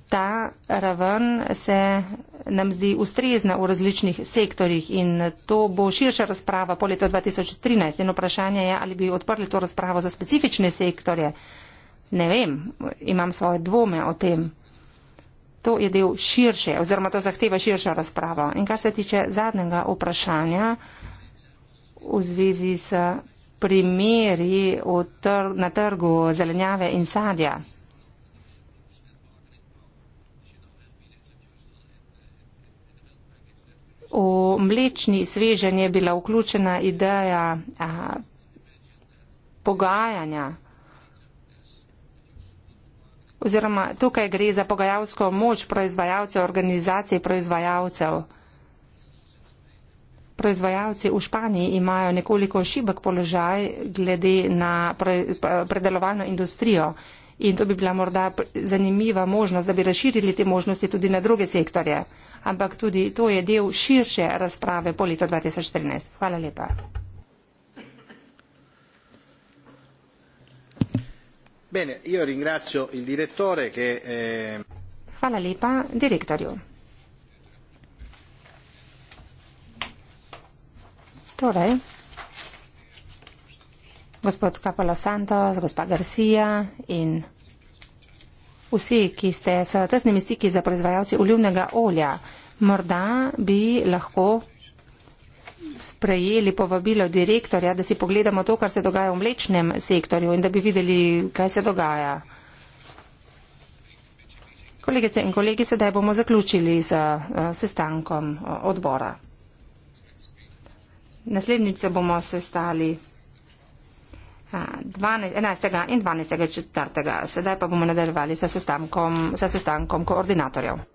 ta raven se nam zdi ustrezna v različnih sektorjih in to bo širša razprava po letu 2013. In vprašanje je, ali bi odprli to razpravo za specifične sektorje. Ne vem, imam svoje dvome o tem. To je del širše oziroma to zahteva širšo razpravo. In kar se tiče zadnjega vprašanja v zvezi s primeri tr na trgu zelenjave in sadja. V mlečni sveženj je bila vključena ideja a, pogajanja. Oziroma, tukaj gre za pogajalsko moč proizvajalcev, organizacij proizvajalcev. Proizvajalci v Španiji imajo nekoliko šibek položaj glede na predelovalno industrijo. In to bi bila morda zanimiva možnost, da bi razširili te možnosti tudi na druge sektorje. Ampak tudi to je del širše razprave po letu 2014. Hvala lepa. Bene, io ringrazio il direttore che... Eh... Hvala lepa, direktorju. Torej gospod Kapala Santos, gospa Garcia in vsi, ki ste s tesnimi stiki za proizvajalci olivnega olja, morda bi lahko sprejeli povabilo direktorja, da si pogledamo to, kar se dogaja v mlečnem sektorju in da bi videli, kaj se dogaja. Kolegice in kolegi, sedaj bomo zaključili z eh, sestankom eh, odbora. Naslednjič se bomo sestali. 12. in 12. 4. Sedaj pa bomo nadaljevali s sestankom, sestankom koordinatorjev.